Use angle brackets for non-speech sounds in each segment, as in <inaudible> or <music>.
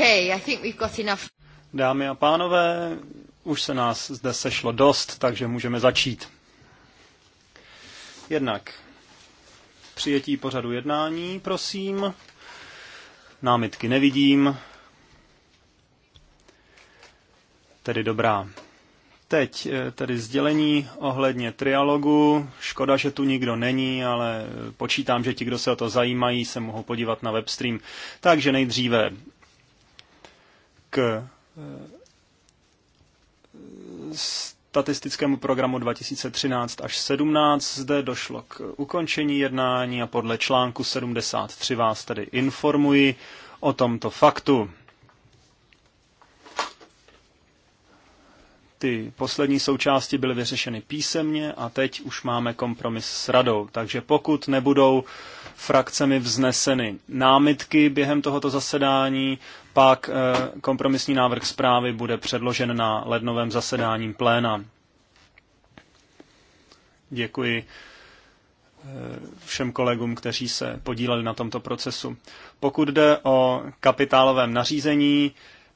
Okay, I think we've got enough. Dámy a pánové, už se nás zde sešlo dost, takže můžeme začít. Jednak přijetí pořadu jednání, prosím. Námitky nevidím. Tedy dobrá. Teď eh, tedy sdělení ohledně trialogu. Škoda, že tu nikdo není, ale počítám, že ti, kdo se o to zajímají, se mohou podívat na webstream. Takže nejdříve k eh, statistickému programu 2013 až 17 zde došlo k ukončení jednání a podle článku 73 vás tedy informuji o tomto faktu. ty poslední součásti byly vyřešeny písemně a teď už máme kompromis s radou. Takže pokud nebudou frakcemi vzneseny námitky během tohoto zasedání, pak eh, kompromisní návrh zprávy bude předložen na lednovém zasedání pléna. Děkuji eh, všem kolegům, kteří se podíleli na tomto procesu. Pokud jde o kapitálovém nařízení,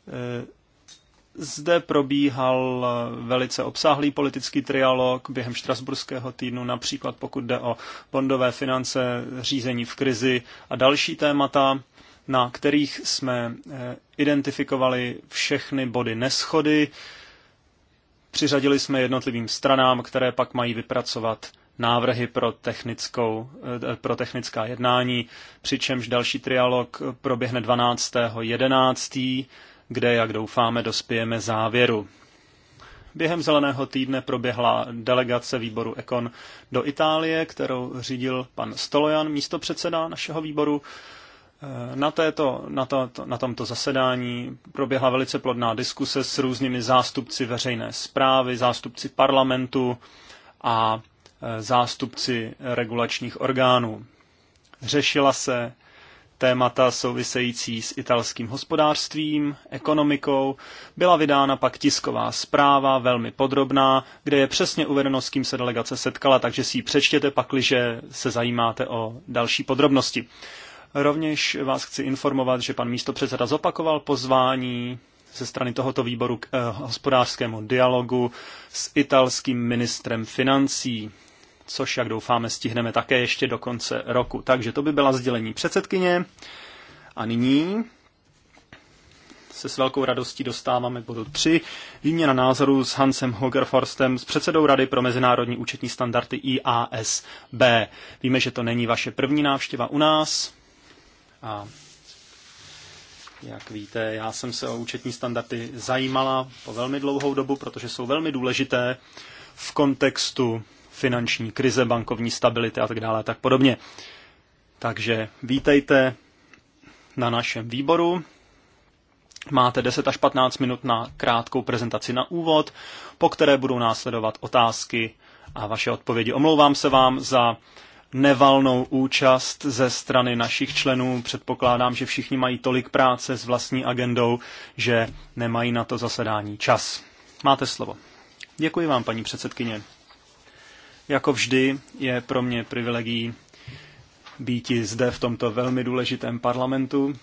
eh, zde probíhal eh, velice obsáhlý politický trialog během štrasburského týdnu, například pokud jde o bondové finance, řízení v krizi a další témata, na kterých jsme eh, identifikovali všechny body neschody. Přiřadili jsme jednotlivým stranám, které pak mají vypracovat návrhy pro, technickou, eh, pro technická jednání, přičemž další trialog proběhne 11 kde, jak doufáme, dospějeme závěru. Během zeleného týdne proběhla delegace výboru Ekon do Itálie, kterou řídil pan Stolojan, místopředseda našeho výboru. Eh, na, této, na, to, na tomto zasedání proběhla velice plodná diskuse s různými zástupci veřejné zprávy, zástupci parlamentu a eh, zástupci regulačních orgánů. Řešila se témata související s italským hospodářstvím, ekonomikou, byla vydána pak tisková zpráva, velmi podrobná, kde je přesně uvedeno, s kým se delegace setkala, takže si ji přečtěte pakliže se zajímáte o další podrobnosti. Rovněž vás chci informovat, že pan místopředseda zopakoval pozvání ze strany tohoto výboru k eh, hospodářskému dialogu s italským ministrem financí což, jak doufáme, stihneme také ještě do konce roku. Takže to by byla sdělení předsedkyně. A nyní se s velkou radostí dostáváme k bodu 3. Výměna názoru s Hansem Hogerforstem, s předsedou Rady pro mezinárodní účetní standardy IASB. Víme, že to není vaše první návštěva u nás. A jak víte, já jsem se o účetní standardy zajímala po velmi dlouhou dobu, protože jsou velmi důležité v kontextu finanční krize, bankovní stability a tak dále a tak podobně. Takže vítejte na našem výboru. Máte 10 až 15 minut na krátkou prezentaci na úvod, po které budou následovat otázky a vaše odpovědi. Omlouvám se vám za nevalnou účast ze strany našich členů. Předpokládám, že všichni mají tolik práce s vlastní agendou, že nemají na to zasedání čas. Máte slovo. Děkuji vám, paní předsedkyně. Jako vždy je pro mě privilegií být zde v tomto velmi důležitém parlamentu.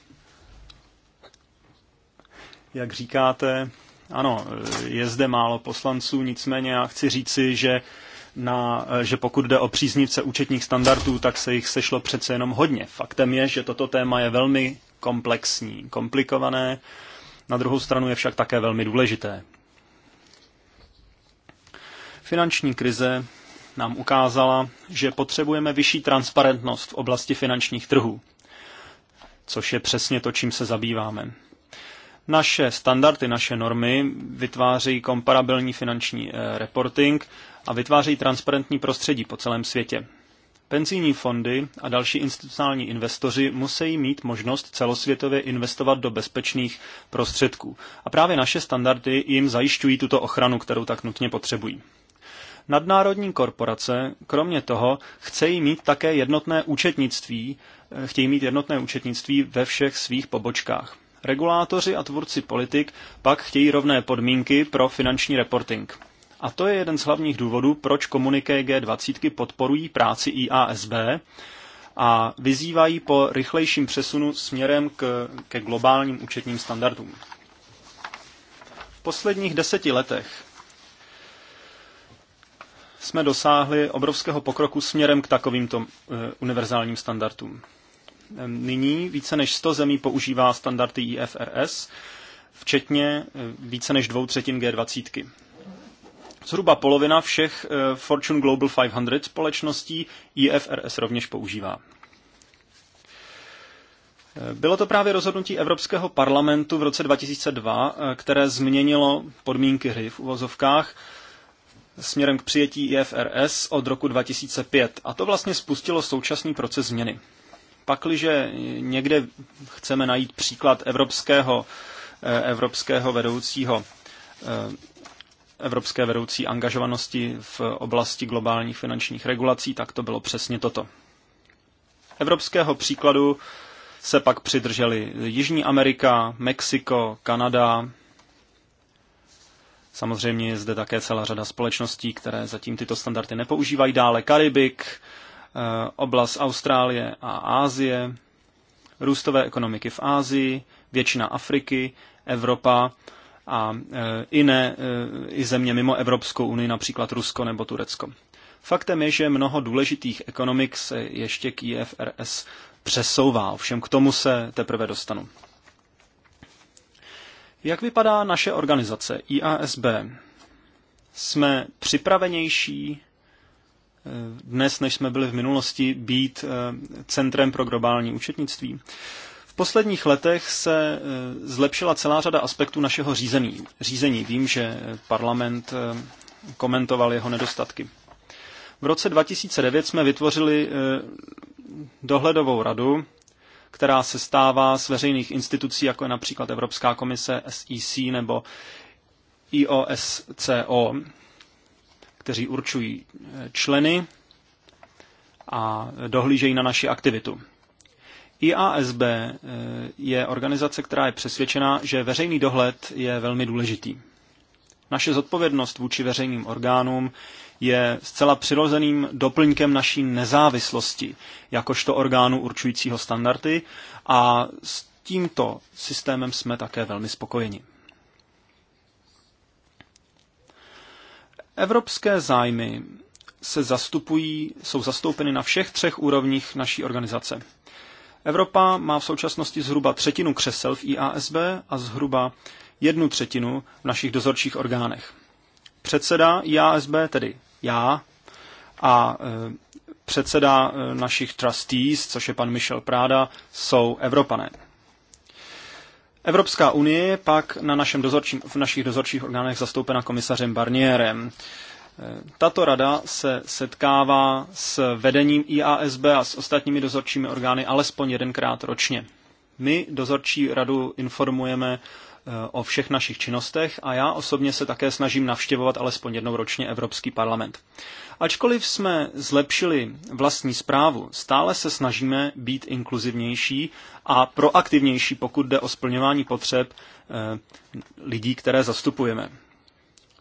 Jak říkáte, ano, je zde málo poslanců, nicméně já chci říci, že, na, že pokud jde o příznivce účetních standardů, tak se jich sešlo přece jenom hodně. Faktem je, že toto téma je velmi komplexní, komplikované, na druhou stranu je však také velmi důležité. Finanční krize nám ukázala, že potřebujeme vyšší transparentnost v oblasti finančních trhů, což je přesně to, čím se zabýváme. Naše standardy, naše normy vytváří komparabilní finanční eh, reporting a vytváří transparentní prostředí po celém světě. Penzijní fondy a další institucionální investoři musí mít možnost celosvětově investovat do bezpečných prostředků. A právě naše standardy jim zajišťují tuto ochranu, kterou tak nutně potřebují. Nadnárodní korporace, kromě toho, chcejí mít také jednotné účetnictví, eh, chtějí mít jednotné účetnictví ve všech svých pobočkách. Regulátoři a tvůrci politik pak chtějí rovné podmínky pro finanční reporting. A to je jeden z hlavních důvodů, proč komuniké G20 podporují práci IASB a vyzývají po rychlejším přesunu směrem k, ke globálním účetním standardům. V posledních deseti letech jsme dosáhli obrovského pokroku směrem k takovýmto eh, univerzálním standardům. Ehm, nyní více než 100 zemí používá standardy IFRS, včetně eh, více než dvou třetin G20. Zhruba polovina všech eh, Fortune Global 500 společností IFRS rovněž používá. Bylo to právě rozhodnutí Evropského parlamentu v roce 2002, které změnilo podmínky hry v uvozovkách směrem k přijetí IFRS od roku 2005 a to vlastně spustilo současný proces změny. Pakliže někde chceme najít příklad evropského, eh, evropského vedoucího eh, evropské vedoucí angažovanosti v oblasti globálních finančních regulací, tak to bylo přesně toto. Evropského příkladu se pak přidrželi Jižní Amerika, Mexiko, Kanada, Samozřejmě je zde také celá řada společností, které zatím tyto standardy nepoužívají. Dále Karibik, eh, oblast Austrálie a Ázie, růstové ekonomiky v Ázii, většina Afriky, Evropa a eh, i, ne, eh, i země mimo Evropskou unii, například Rusko nebo Turecko. Faktem je, že mnoho důležitých ekonomik se ještě k IFRS přesouvá, ovšem k tomu se teprve dostanu. Jak vypadá naše organizace IASB? Jsme připravenější eh, dnes, než jsme byli v minulosti, být eh, centrem pro globální účetnictví? V posledních letech se eh, zlepšila celá řada aspektů našeho řízení. řízení. Vím, že parlament komentoval jeho nedostatky. V roce 2009 jsme vytvořili dohledovou radu, která se stává z veřejných institucí, jako je například Evropská komise, SEC nebo IOSCO, kteří určují eh, členy a dohlížejí na naši aktivitu. IASB eh, je organizace, která je přesvědčena, že veřejný dohled je velmi důležitý. Naše zodpovědnost vůči veřejným orgánům je zcela přirozeným doplňkem naší nezávislosti, jakožto orgánu určujícího standardy a s tímto systémem jsme také velmi spokojeni. Evropské zájmy se zastupují, jsou zastoupeny na všech třech úrovních naší organizace. Evropa má v současnosti zhruba třetinu křesel v IASB a zhruba jednu třetinu v našich dozorčích orgánech. Předseda IASB, tedy já a e, předseda e, našich trustees, což je pan Michel Práda, jsou Evropané. Evropská unie je pak na našem dozorčím, v našich dozorčích orgánech zastoupena komisařem Barnierem. E, tato rada se setkává s vedením IASB a s ostatními dozorčími orgány alespoň jedenkrát ročně. My dozorčí radu informujeme o všech našich činnostech a já osobně se také snažím navštěvovat alespoň jednou ročně Evropský parlament. Ačkoliv jsme zlepšili vlastní zprávu, stále se snažíme být inkluzivnější a proaktivnější, pokud jde o splňování potřeb eh, lidí, které zastupujeme.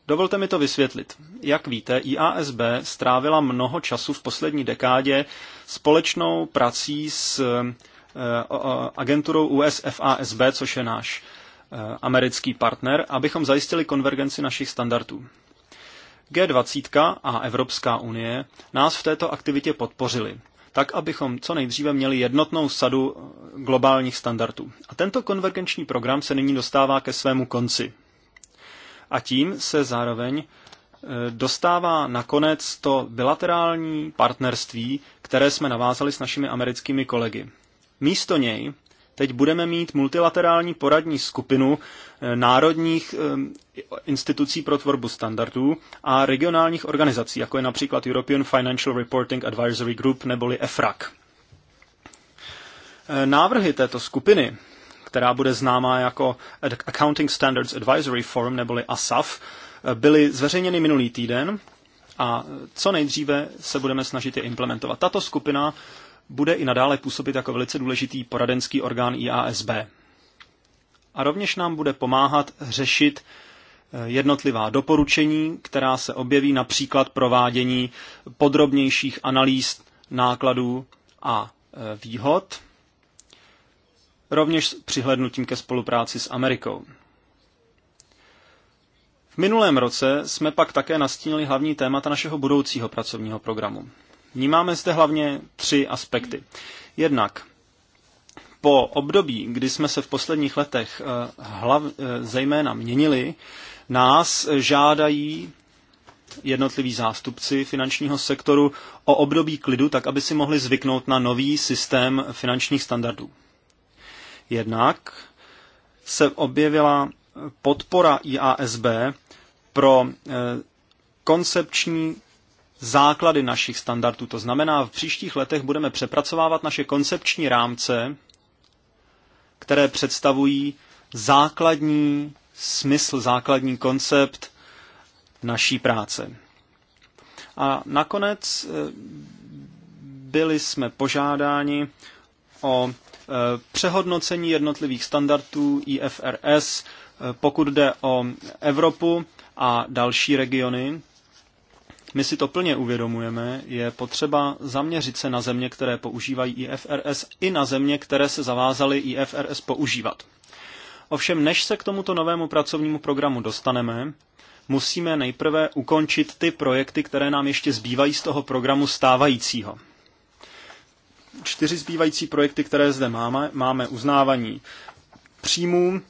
Dovolte mi to vysvětlit. Jak víte, IASB strávila mnoho času v poslední dekádě společnou prací s eh, agenturou USFASB, což je náš Eh, americký partner, abychom zajistili konvergenci našich standardů. G20 a Evropská unie nás v této aktivitě podpořili, tak abychom co nejdříve měli jednotnou sadu eh, globálních standardů. A tento konvergenční program se nyní dostává ke svému konci. A tím se zároveň eh, dostává nakonec to bilaterální partnerství, které jsme navázali s našimi americkými kolegy. Místo něj Teď budeme mít multilaterální poradní skupinu eh, národních eh, institucí pro tvorbu standardů a regionálních organizací, jako je například European Financial Reporting Advisory Group neboli EFRAG. Eh, návrhy této skupiny která bude známá jako Accounting Standards Advisory Forum neboli ASAF, byly zveřejněny minulý týden a co nejdříve se budeme snažit je implementovat. Tato skupina bude i nadále působit jako velice důležitý poradenský orgán IASB. A rovněž nám bude pomáhat řešit eh, jednotlivá doporučení, která se objeví například provádění podrobnějších analýz nákladů a eh, výhod, rovněž s přihlednutím ke spolupráci s Amerikou. V minulém roce jsme pak také nastínili hlavní témata našeho budoucího pracovního programu. Vnímáme zde hlavně tři aspekty. Jednak po období, kdy jsme se v posledních letech eh, hlav, eh, zejména měnili, nás žádají jednotliví zástupci finančního sektoru o období klidu, tak aby si mohli zvyknout na nový systém finančních standardů. Jednak se objevila podpora IASB pro eh, koncepční základy našich standardů. To znamená, v příštích letech budeme přepracovávat naše koncepční rámce, které představují základní smysl, základní koncept naší práce. A nakonec eh, byli jsme požádáni o eh, přehodnocení jednotlivých standardů IFRS, eh, pokud jde o Evropu a další regiony, my si to plně uvědomujeme, je potřeba zaměřit se na země, které používají IFRS, i na země, které se zavázaly IFRS používat. Ovšem, než se k tomuto novému pracovnímu programu dostaneme, musíme nejprve ukončit ty projekty, které nám ještě zbývají z toho programu stávajícího. Čtyři zbývající projekty, které zde máme, máme uznávání příjmů,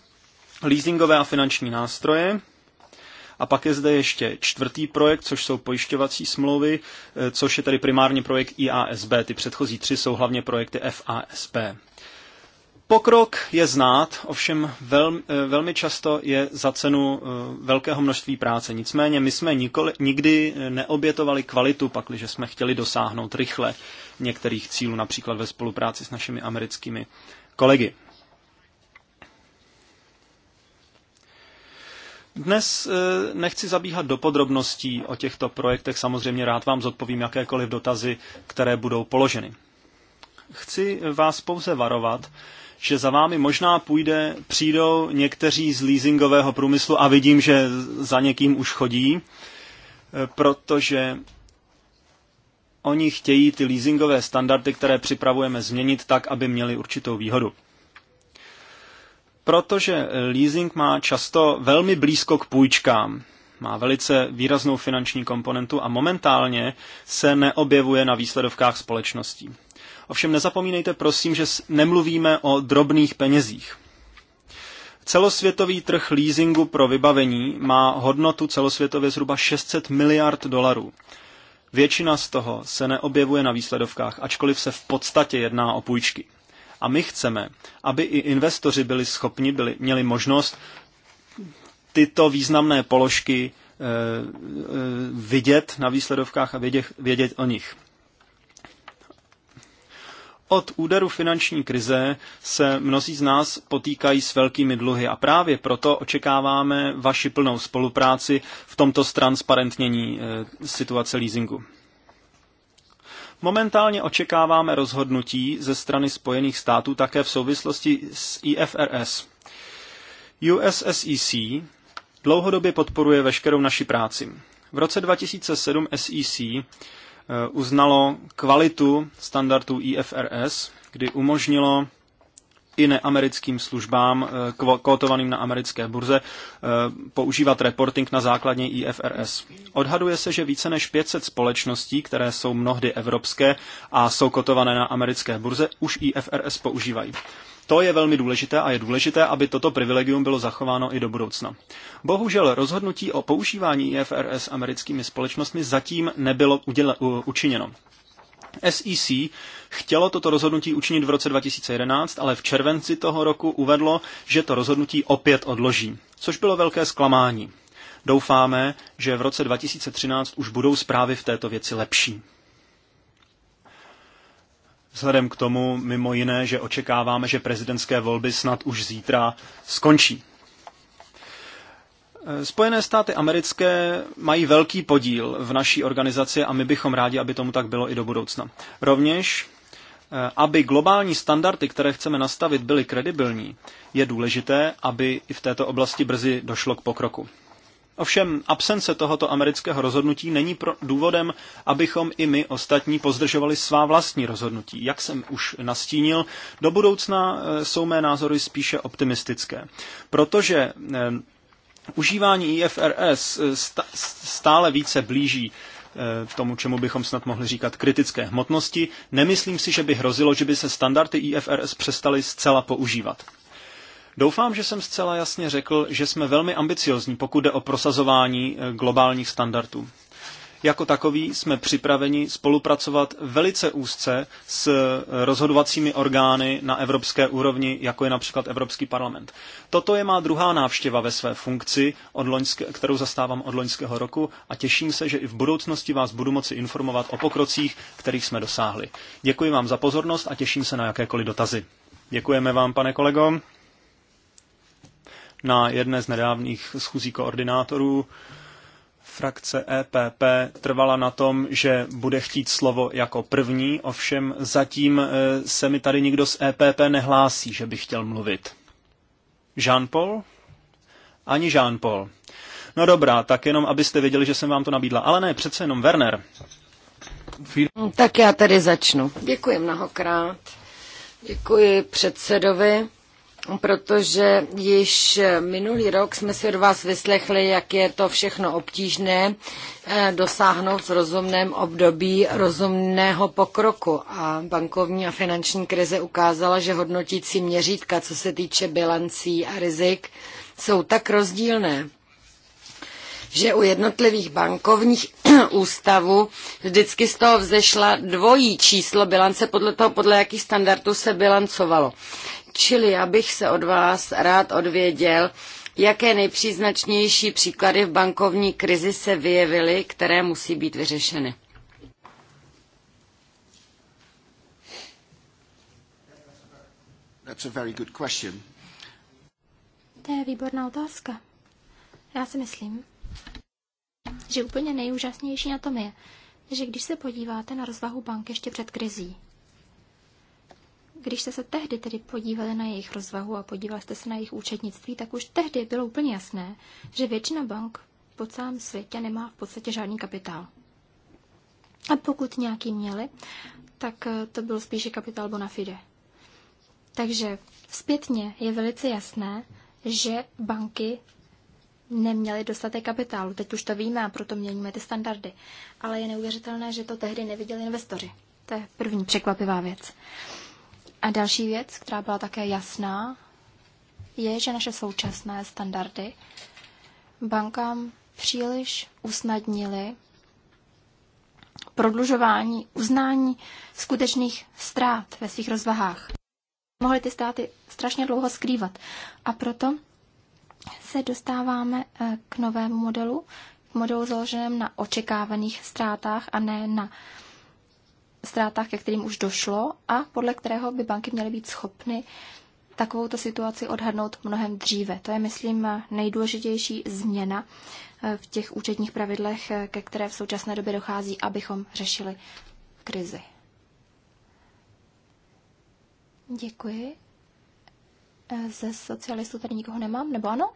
leasingové a finanční nástroje, a pak je zde ještě čtvrtý projekt, což jsou pojišťovací smlouvy, eh, což je tedy primárně projekt IASB. Ty předchozí tři jsou hlavně projekty FASB. Pokrok je znát, ovšem vel, eh, velmi často je za cenu eh, velkého množství práce. Nicméně my jsme nikoli, nikdy neobětovali kvalitu, pakliže jsme chtěli dosáhnout rychle některých cílů, například ve spolupráci s našimi americkými kolegy. Dnes eh, nechci zabíhat do podrobností o těchto projektech, samozřejmě rád vám zodpovím jakékoliv dotazy, které budou položeny. Chci vás pouze varovat, že za vámi možná půjde, přijdou někteří z leasingového průmyslu a vidím, že za někým už chodí, eh, protože oni chtějí ty leasingové standardy, které připravujeme, změnit tak, aby měli určitou výhodu. Protože eh, leasing má často velmi blízko k půjčkám, má velice výraznou finanční komponentu a momentálně se neobjevuje na výsledovkách společností. Ovšem nezapomínejte prosím, že nemluvíme o drobných penězích. Celosvětový trh leasingu pro vybavení má hodnotu celosvětově zhruba 600 miliard dolarů. Většina z toho se neobjevuje na výsledovkách, ačkoliv se v podstatě jedná o půjčky. A my chceme, aby i investoři byli schopni, byli, měli možnost tyto významné položky e, e, vidět na výsledovkách a vědět, vědět o nich. Od úderu finanční krize se mnozí z nás potýkají s velkými dluhy a právě proto očekáváme vaši plnou spolupráci v tomto transparentnění eh, situace leasingu. Momentálně očekáváme rozhodnutí ze strany Spojených států také v souvislosti s IFRS. USSEC dlouhodobě podporuje veškerou naši práci. V roce 2007 SEC e eh, uznalo kvalitu standardů IFRS, kdy umožnilo i neamerickým službám eh, kotovaným na americké burze eh, používat reporting na základně IFRS. Odhaduje se, že více než 500 společností, které jsou mnohdy evropské a jsou kotované na americké burze, už IFRS používají. To je velmi důležité a je důležité, aby toto privilegium bylo zachováno i do budoucna. Bohužel rozhodnutí o používání IFRS americkými společnostmi zatím nebylo uděle, učiněno. SEC chtělo toto rozhodnutí učinit v roce 2011, ale v červenci toho roku uvedlo, že to rozhodnutí opět odloží, což bylo velké zklamání. Doufáme, že v roce 2013 už budou zprávy v této věci lepší. Vzhledem k tomu, mimo jiné, že očekáváme, že prezidentské volby snad už zítra skončí. Spojené státy americké mají velký podíl v naší organizaci a my bychom rádi, aby tomu tak bylo i do budoucna. Rovněž Eh, aby globální standardy, které chceme nastavit, byly kredibilní, je důležité, aby i v této oblasti brzy došlo k pokroku. Ovšem absence tohoto amerického rozhodnutí není pro důvodem, abychom i my ostatní pozdržovali svá vlastní rozhodnutí. Jak jsem už nastínil, do budoucna eh, jsou mé názory spíše optimistické, protože eh, užívání IFRS stále více blíží Eh, tomu, čemu bychom snad mohli říkat kritické hmotnosti, nemyslím si, že by hrozilo, že by se standardy IFRS přestaly zcela používat. Doufám, že jsem zcela jasně řekl, že jsme velmi ambiciozní, pokud jde o prosazování eh, globálních standardů. Jako takový jsme připraveni spolupracovat velice úzce s rozhodovacími orgány na evropské úrovni, jako je například Evropský parlament. Toto je má druhá návštěva ve své funkci, od loňské, kterou zastávám od loňského roku a těším se, že i v budoucnosti vás budu moci informovat o pokrocích, kterých jsme dosáhli. Děkuji vám za pozornost a těším se na jakékoliv dotazy. Děkujeme vám, pane kolego na jedné z nedávných schůzí koordinátorů frakce EPP trvala na tom, že bude chtít slovo jako první, ovšem zatím e, se mi tady nikdo z EPP nehlásí, že by chtěl mluvit. Jean-Paul? Ani Jean-Paul. No dobrá, tak jenom abyste věděli, že jsem vám to nabídla. Ale ne, přece jenom Werner. Tak já tady začnu. Děkuji mnohokrát. Děkuji předsedovi protože již minulý rok jsme si od vás vyslechli, jak je to všechno obtížné eh, dosáhnout v rozumném období rozumného pokroku. A bankovní a finanční krize ukázala, že hodnotící měřítka, co se týče bilancí a rizik, jsou tak rozdílné že u jednotlivých bankovních <clears throat> ústavů vždycky z toho vzešla dvojí číslo bilance podle toho, podle jakých standardů se bilancovalo. Čili já bych se od vás rád odvěděl, jaké nejpříznačnější příklady v bankovní krizi se vyjevily, které musí být vyřešeny. That's a very good question. To je výborná otázka. Já si myslím, že úplně nejúžasnější na tom je, že když se podíváte na rozvahu bank ještě před krizí, když jste se tehdy tedy podívali na jejich rozvahu a podívali jste se na jejich účetnictví, tak už tehdy bylo úplně jasné, že většina bank po celém světě nemá v podstatě žádný kapitál. A pokud nějaký měli, tak eh, to byl spíše kapitál bona fide. Takže zpětně je velice jasné, že banky neměly dostatek kapitálu. Teď už to víme a proto měníme ty standardy. Ale je neuvěřitelné, že to tehdy neviděli investoři. To je první překvapivá věc. A další věc, která byla také jasná, je, že naše současné standardy bankám příliš usnadnily prodlužování uznání skutečných ztrát ve svých rozvahách. Mohly ty ztráty strašně dlouho skrývat. A proto se dostáváme eh, k novému modelu, k modelu založeném na očekávaných ztrátách a ne na ztrátách, ke kterým už došlo a podle kterého by banky měly být schopny takovouto situaci odhadnout mnohem dříve. To je, myslím, nejdůležitější změna eh, v těch účetních pravidlech, eh, ke které v současné době dochází, abychom řešili krizi. Děkuji. Eh, ze socialistů tady nikoho nemám, nebo ano?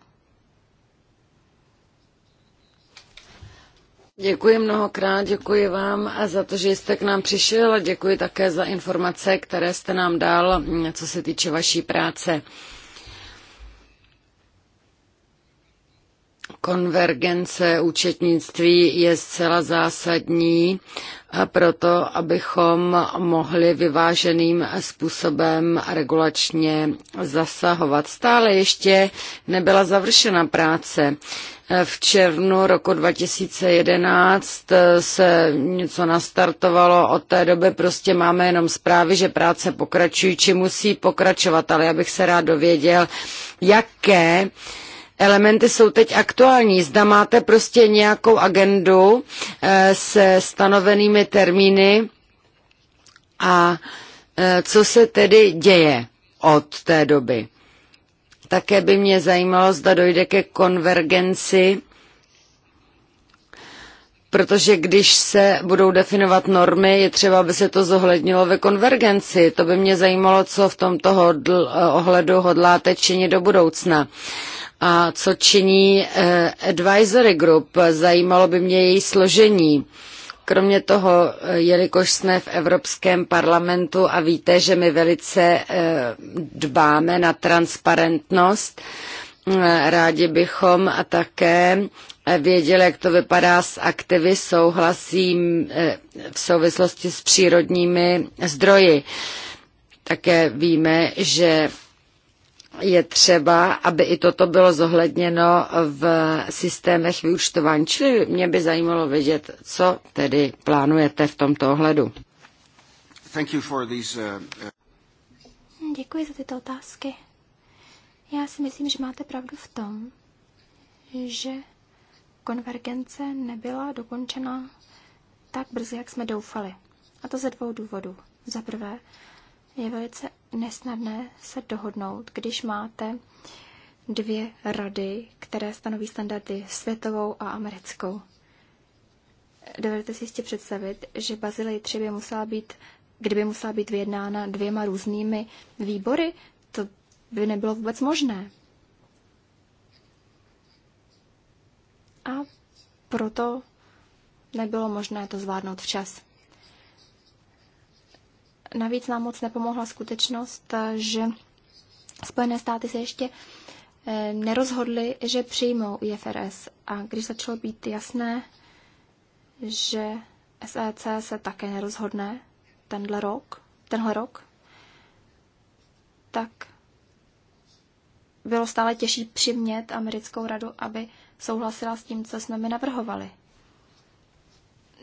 Děkuji mnohokrát, děkuji vám a za to, že jste k nám přišel a děkuji také za informace, které jste nám dal, mm, co se týče vaší práce. Konvergence účetnictví je zcela zásadní proto, abychom mohli vyváženým způsobem regulačně zasahovat. Stále ještě nebyla završena práce v červnu roku 2011 eh, se něco nastartovalo, od té doby prostě máme jenom zprávy, že práce pokračují, či musí pokračovat, ale já bych se rád dověděl, jaké elementy jsou teď aktuální. Zda máte prostě nějakou agendu eh, se stanovenými termíny a eh, co se tedy děje od té doby. Také by mě zajímalo, zda dojde ke konvergenci protože když se budou definovat normy, je třeba, aby se to zohlednilo ve konvergenci. To by mě zajímalo, co v tomto hodl, ohledu hodláte činit do budoucna. A co činí eh, advisory group? Zajímalo by mě její složení. Eh, Kromě toho, eh, jelikož jsme v Evropském parlamentu a víte, že my velice eh, dbáme na transparentnost, eh, rádi bychom a také věděli, jak to vypadá s aktivy souhlasím v souvislosti s přírodními zdroji. Také víme, že je třeba, aby i toto bylo zohledněno v systémech vyučtování. Čili mě by zajímalo vědět, co tedy plánujete v tomto ohledu. Uh, uh, Děkuji za tyto otázky. Já si myslím, že máte pravdu v tom, že konvergence nebyla dokončena tak brzy, jak jsme doufali. A to ze dvou důvodů. Za prvé, je velice nesnadné se dohodnout, když máte dvě rady, které stanoví standardy světovou a americkou. Dovedete si jistě představit, že Bazilej 3 by musela být, kdyby musela být vyjednána dvěma různými výbory, to by nebylo vůbec možné. A proto nebylo možné to zvládnout včas. Navíc nám moc nepomohla skutečnost, eh, že Spojené státy se ještě eh, nerozhodly, že přijmou IFRS. A když začalo být jasné, že SEC se také nerozhodne tenhle rok, tenhle rok, tak bylo stále těžší přimět americkou radu, aby souhlasila s tím, co jsme mi navrhovali.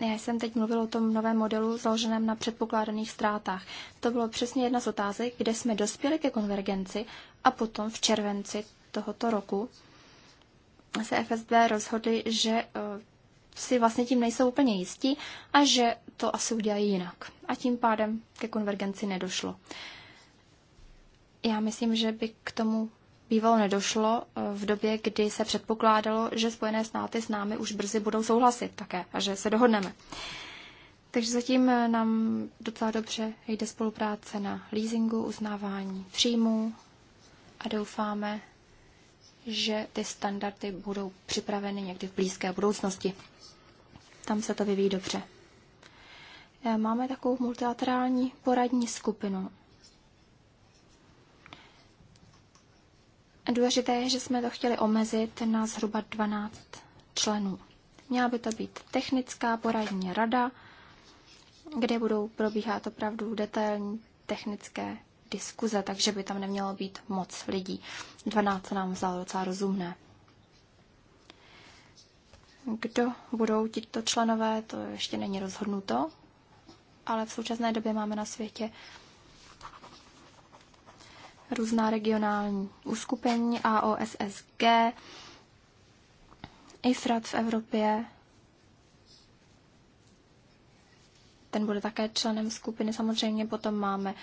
Já jsem teď mluvil o tom novém modelu založeném na předpokládaných ztrátách. To bylo přesně jedna z otázek, kde jsme dospěli ke konvergenci a potom v červenci tohoto roku se FSB rozhodli, že eh, si vlastně tím nejsou úplně jistí a že to asi udělají jinak. A tím pádem ke konvergenci nedošlo. Já myslím, že by k tomu bývalo nedošlo eh, v době, kdy se předpokládalo, že Spojené státy s námi už brzy budou souhlasit také a že se dohodneme. Takže zatím eh, nám docela dobře jde spolupráce na leasingu, uznávání příjmů a doufáme, že ty standardy budou připraveny někdy v blízké budoucnosti. Tam se to vyvíjí dobře. Eh, máme takovou multilaterální poradní skupinu Důležité je, že jsme to chtěli omezit na zhruba 12 členů. Měla by to být technická poradní rada, kde budou probíhat opravdu detailní technické diskuze, takže by tam nemělo být moc lidí. 12 nám vzalo docela rozumné. Kdo budou tito členové, to ještě není rozhodnuto, ale v současné době máme na světě různá regionální uskupení AOSSG, IFRAD v Evropě, ten bude také členem skupiny. Samozřejmě potom máme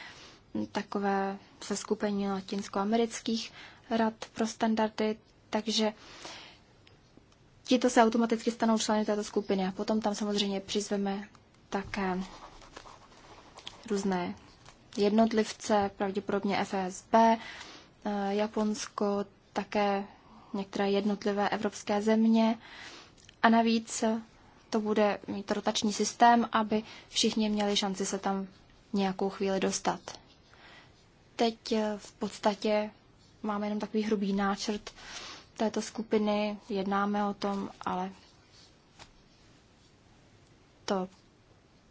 takové skupení latinskoamerických rad pro standardy, takže tito se automaticky stanou členy této skupiny a potom tam samozřejmě přizveme také různé jednotlivce, pravděpodobně FSB, eh, Japonsko, také některé jednotlivé evropské země. A navíc to bude mít rotační systém, aby všichni měli šanci se tam nějakou chvíli dostat. Teď eh, v podstatě máme jenom takový hrubý náčrt této skupiny, jednáme o tom, ale to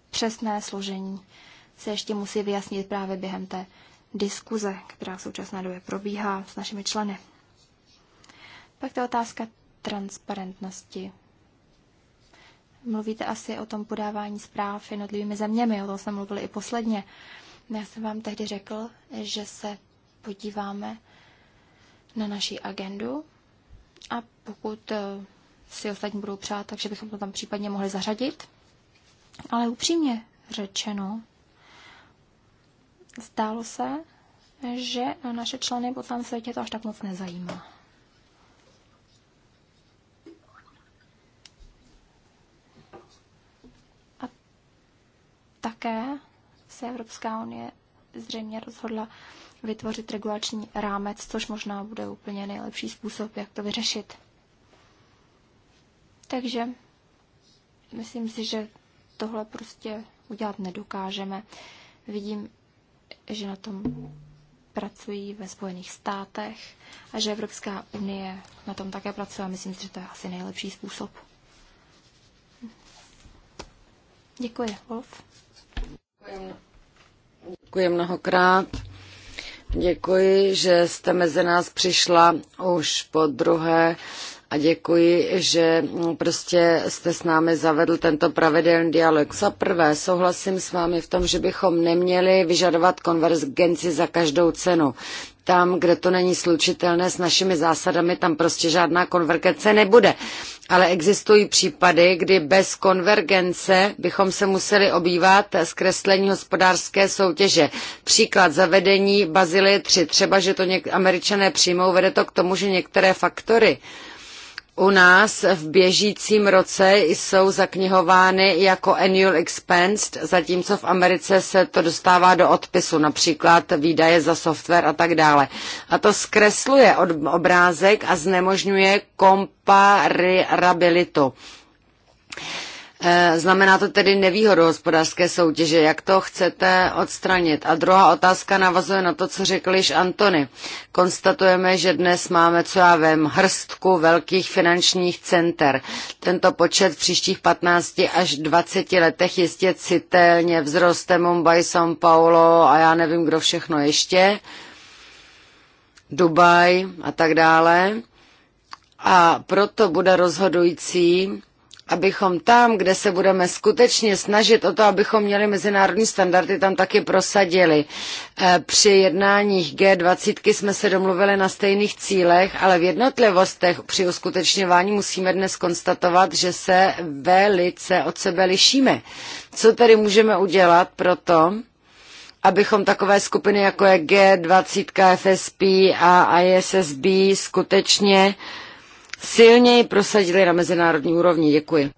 přesné složení se ještě musí vyjasnit právě během té diskuze, která v současné době probíhá s našimi členy. Pak ta otázka transparentnosti. Mluvíte asi o tom podávání zpráv jednotlivými zeměmi, o tom jsme mluvili i posledně. Já jsem vám tehdy řekl, že se podíváme na naší agendu a pokud eh, si ostatní budou přát, takže bychom to tam případně mohli zařadit. Ale upřímně řečeno, Zdálo se, že naše členy po celém světě to až tak moc nezajímá. A také se Evropská unie zřejmě rozhodla vytvořit regulační rámec, což možná bude úplně nejlepší způsob, jak to vyřešit. Takže myslím si, že tohle prostě udělat nedokážeme. Vidím že na tom pracují ve Spojených státech a že Evropská unie na tom také pracuje a myslím si, že to je asi nejlepší způsob. Děkuji, Wolf. Děkuji mnohokrát. Děkuji, že jste mezi nás přišla už po druhé a děkuji, že mm, prostě jste s námi zavedl tento pravidelný dialog. Za prvé souhlasím s vámi v tom, že bychom neměli vyžadovat konvergenci za každou cenu. Tam, kde to není slučitelné s našimi zásadami, tam prostě žádná konvergence nebude. Ale existují případy, kdy bez konvergence bychom se museli obývat zkreslení hospodářské soutěže. Příklad zavedení Bazilie 3, třeba, že to něk- američané přijmou, vede to k tomu, že některé faktory, u nás v běžícím roce jsou zaknihovány jako annual expense, zatímco v Americe se to dostává do odpisu, například výdaje za software a tak dále. A to zkresluje obrázek a znemožňuje komparabilitu. Eh, znamená to tedy nevýhodu hospodářské soutěže. Jak to chcete odstranit? A druhá otázka navazuje na to, co řekl již Antony. Konstatujeme, že dnes máme, co já vím, hrstku velkých finančních center. Tento počet v příštích 15 až 20 letech jistě citelně vzroste Mumbai, São Paulo a já nevím, kdo všechno ještě. Dubaj a tak dále. A proto bude rozhodující, abychom tam, kde se budeme skutečně snažit o to, abychom měli mezinárodní standardy, tam taky prosadili. Eh, při jednáních G20 jsme se domluvili na stejných cílech, ale v jednotlivostech při uskutečňování musíme dnes konstatovat, že se velice od sebe lišíme. Co tedy můžeme udělat pro to, abychom takové skupiny jako je G20, FSP a ISSB skutečně uh, silněji prosadili na mezinárodní úrovni. Děkuji.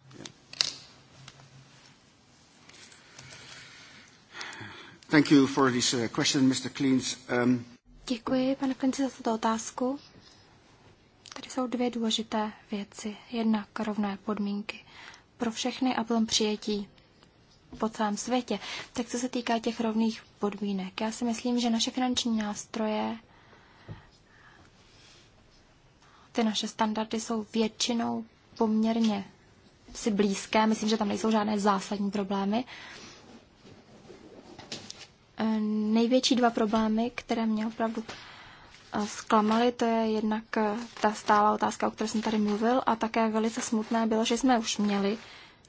Thank you for this uh, question, Mr. Um... Děkuji, pane Klinci, za tuto otázku. Tady jsou dvě důležité věci. Jednak rovné podmínky pro všechny a potom přijetí po celém světě. Tak co se týká těch rovných podmínek, já si myslím, že naše finanční nástroje Ty naše standardy jsou většinou poměrně si blízké, myslím, že tam nejsou žádné zásadní problémy. E, největší dva problémy, které mě opravdu e, zklamaly, to je jednak e, ta stála otázka, o které jsem tady mluvil, a také velice smutné bylo, že jsme už měli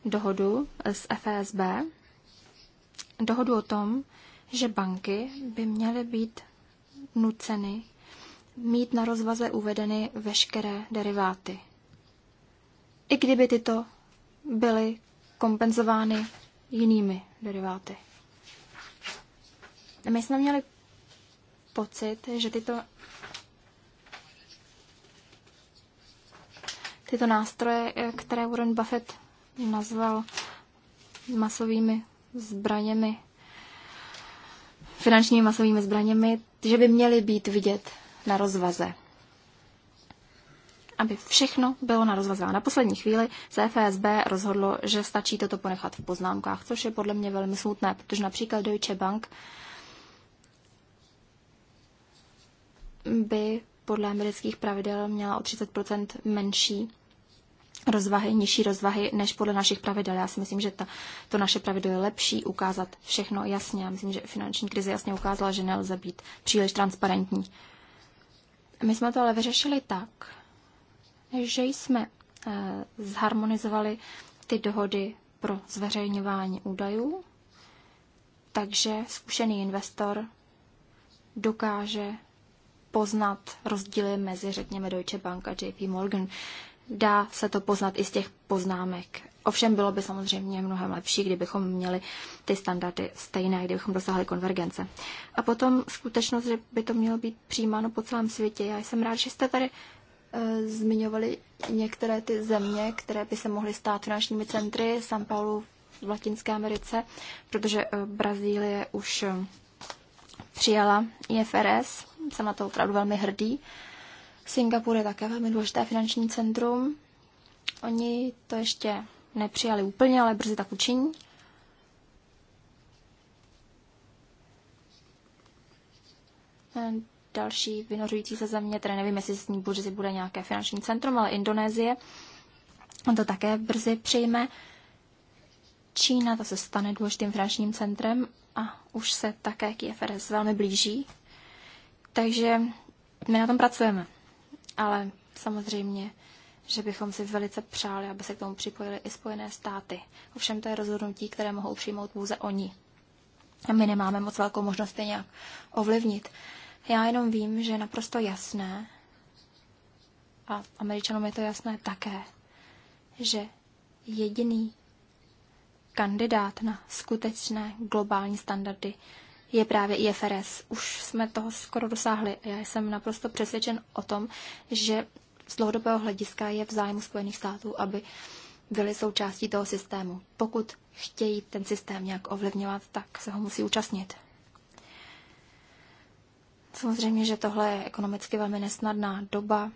dohodu s FSB, dohodu o tom, že banky by měly být nuceny mít na rozvaze uvedeny veškeré deriváty. I kdyby tyto byly kompenzovány jinými deriváty. My jsme měli pocit, že tyto, tyto nástroje, které Warren Buffett nazval masovými zbraněmi, finančními masovými zbraněmi, že by měly být vidět na rozvaze. Aby všechno bylo na rozvaze. A na poslední chvíli FSB rozhodlo, že stačí toto ponechat v poznámkách, což je podle mě velmi smutné, protože například Deutsche Bank by podle amerických pravidel měla o 30% menší rozvahy, nižší rozvahy než podle našich pravidel. Já si myslím, že ta, to naše pravidlo je lepší ukázat všechno jasně. Já myslím, že finanční krize jasně ukázala, že nelze být příliš transparentní. My jsme to ale vyřešili tak, že jsme eh, zharmonizovali ty dohody pro zveřejňování údajů, takže zkušený investor dokáže poznat rozdíly mezi, řekněme, Deutsche Bank a JP Morgan. Dá se to poznat i z těch poznámek. Ovšem bylo by samozřejmě mnohem lepší, kdybychom měli ty standardy stejné, kdybychom dosáhli konvergence. A potom skutečnost, že by to mělo být přijímáno po celém světě. Já jsem rád, že jste tady e, zmiňovali některé ty země, které by se mohly stát finančními centry, San Paulo v Latinské Americe, protože e, Brazílie už e, přijala IFRS, jsem na to opravdu velmi hrdý. E, Singapur je také velmi důležité finanční centrum. Oni to ještě nepřijali úplně, ale brzy tak učiní. Další vynořující se země, které nevím, jestli s ní brzy bude nějaké finanční centrum, ale Indonésie. On to také brzy přijme. Čína, ta se stane důležitým finančním centrem a už se také k IFRS velmi blíží. Takže my na tom pracujeme ale samozřejmě, že bychom si velice přáli, aby se k tomu připojili i Spojené státy. Ovšem to je rozhodnutí, které mohou přijmout pouze oni. A my nemáme moc velkou možnost je nějak ovlivnit. Já jenom vím, že je naprosto jasné, a američanům je to jasné také, že jediný kandidát na skutečné globální standardy je právě IFRS. Už jsme toho skoro dosáhli. Já jsem naprosto přesvědčen o tom, že z dlouhodobého hlediska je v zájmu Spojených států, aby byly součástí toho systému. Pokud chtějí ten systém nějak ovlivňovat, tak se ho musí účastnit. Samozřejmě, že tohle je ekonomicky velmi nesnadná doba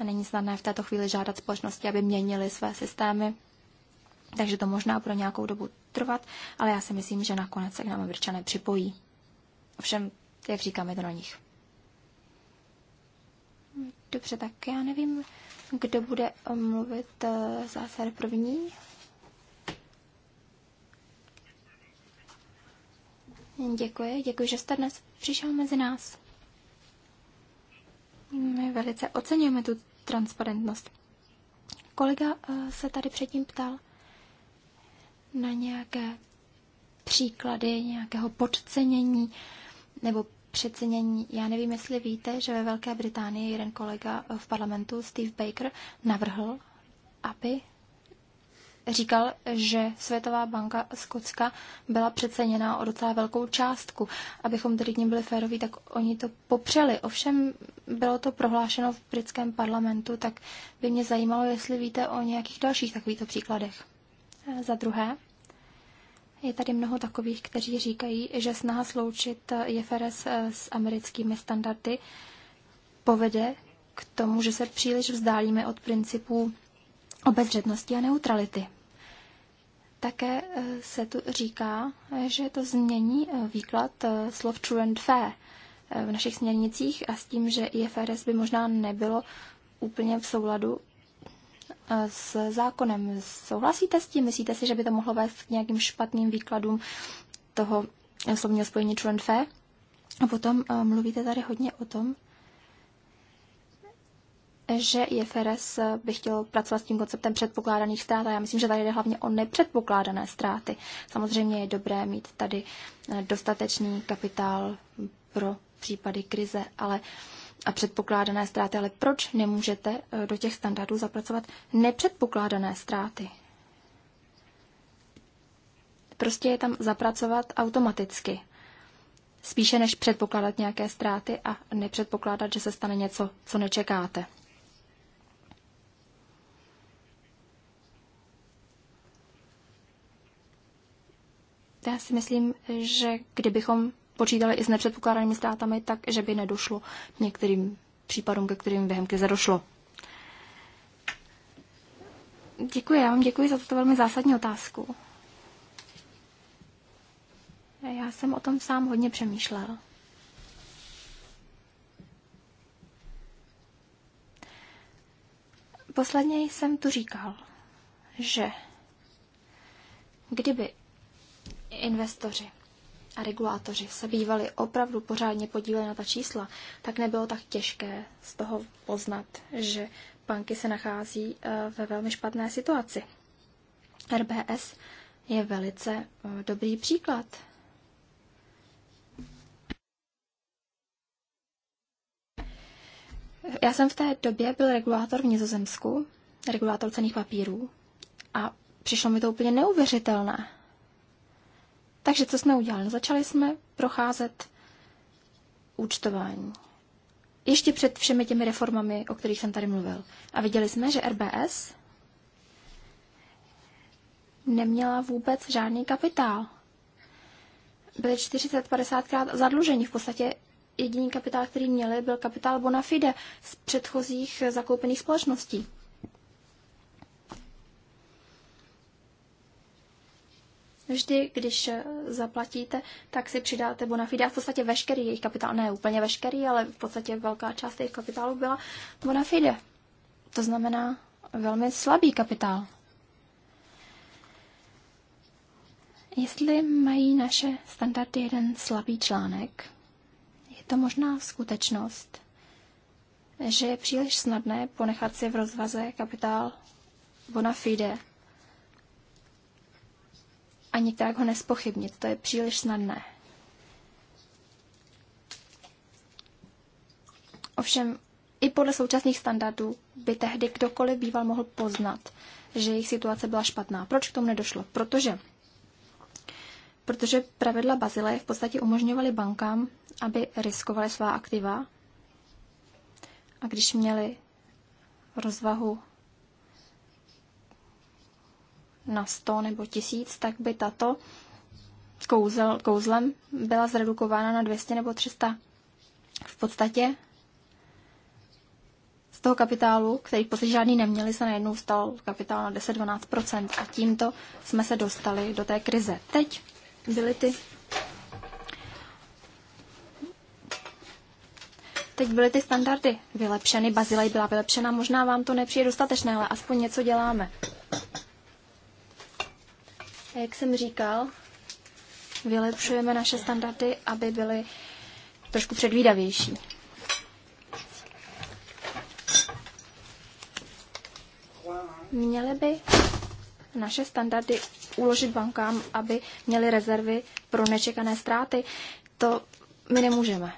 a není snadné v této chvíli žádat společnosti, aby měnili své systémy, takže to možná pro nějakou dobu trvat, ale já si myslím, že nakonec se k nám Američané připojí. Ovšem, jak říkáme to na nich. Dobře, tak já nevím, kdo bude mluvit eh, zásad první. Děkuji, děkuji, že jste dnes přišel mezi nás. My velice oceňujeme tu transparentnost. Kolega eh, se tady předtím ptal, na nějaké příklady nějakého podcenění nebo přecenění. Já nevím, jestli víte, že ve Velké Británii jeden kolega v parlamentu, Steve Baker, navrhl, aby říkal, že Světová banka Skotska byla přeceněna o docela velkou částku. Abychom tedy k ním byli féroví, tak oni to popřeli. Ovšem bylo to prohlášeno v britském parlamentu, tak by mě zajímalo, jestli víte o nějakých dalších takovýchto příkladech. Za druhé, je tady mnoho takových, kteří říkají, že snaha sloučit Jeferes eh, s americkými standardy povede k tomu, že se příliš vzdálíme od principů obezřetnosti a neutrality. Také eh, se tu říká, že to změní eh, výklad slov true and fair v našich směrnicích a s tím, že IFRS by možná nebylo úplně v souladu s zákonem. Souhlasíte s tím? Myslíte si, že by to mohlo vést k nějakým špatným výkladům toho slovního spojení členfé? A potom eh, mluvíte tady hodně o tom, že IFRS eh, by chtěl pracovat s tím konceptem předpokládaných ztrát a já myslím, že tady jde hlavně o nepředpokládané ztráty. Samozřejmě je dobré mít tady eh, dostatečný kapitál pro případy krize, ale a předpokládané ztráty, ale proč nemůžete eh, do těch standardů zapracovat nepředpokládané ztráty? Prostě je tam zapracovat automaticky, spíše než předpokládat nějaké ztráty a nepředpokládat, že se stane něco, co nečekáte. Já si myslím, že kdybychom počítali i s nepředpokládanými ztrátami tak, že by nedošlo k některým případům, ke kterým během krize došlo. Děkuji, já vám děkuji za tuto velmi zásadní otázku. Já jsem o tom sám hodně přemýšlel. Posledně jsem tu říkal, že kdyby investoři a regulátoři se bývali opravdu pořádně podíleli na ta čísla, tak nebylo tak těžké z toho poznat, že banky se nachází eh, ve velmi špatné situaci. RBS je velice eh, dobrý příklad. Já jsem v té době byl regulátor v Nizozemsku, regulátor cených papírů a přišlo mi to úplně neuvěřitelné. Takže co jsme udělali? Začali jsme procházet účtování. Ještě před všemi těmi reformami, o kterých jsem tady mluvil. A viděli jsme, že RBS neměla vůbec žádný kapitál. Byly 40-50 krát zadlužení. V podstatě jediný kapitál, který měli, byl kapitál Bonafide z předchozích zakoupených společností. Vždy, když eh, zaplatíte, tak si přidáte bonafide a v podstatě veškerý jejich kapitál, ne úplně veškerý, ale v podstatě velká část jejich kapitálu byla bonafide. To znamená velmi slabý kapitál. Jestli mají naše standardy jeden slabý článek, je to možná skutečnost, že je příliš snadné ponechat si v rozvaze kapitál bona fide a nikterak ho nespochybnit. To je příliš snadné. Ovšem, i podle současných standardů by tehdy kdokoliv býval mohl poznat, že jejich situace byla špatná. Proč k tomu nedošlo? Protože protože pravidla Bazile v podstatě umožňovaly bankám, aby riskovaly svá aktiva a když měli rozvahu na 100 nebo 1000, tak by tato kouzel, kouzlem byla zredukována na 200 nebo 300. V podstatě z toho kapitálu, který v podstatě žádný neměli, se najednou stal kapitál na 10-12% a tímto jsme se dostali do té krize. Teď byly ty Teď byly ty standardy vylepšeny, Bazilej byla vylepšena, možná vám to nepřijde dostatečné, ale aspoň něco děláme. Jak jsem říkal, vylepšujeme naše standardy, aby byly trošku předvídavější. Měly by naše standardy uložit bankám, aby měly rezervy pro nečekané ztráty. To my nemůžeme.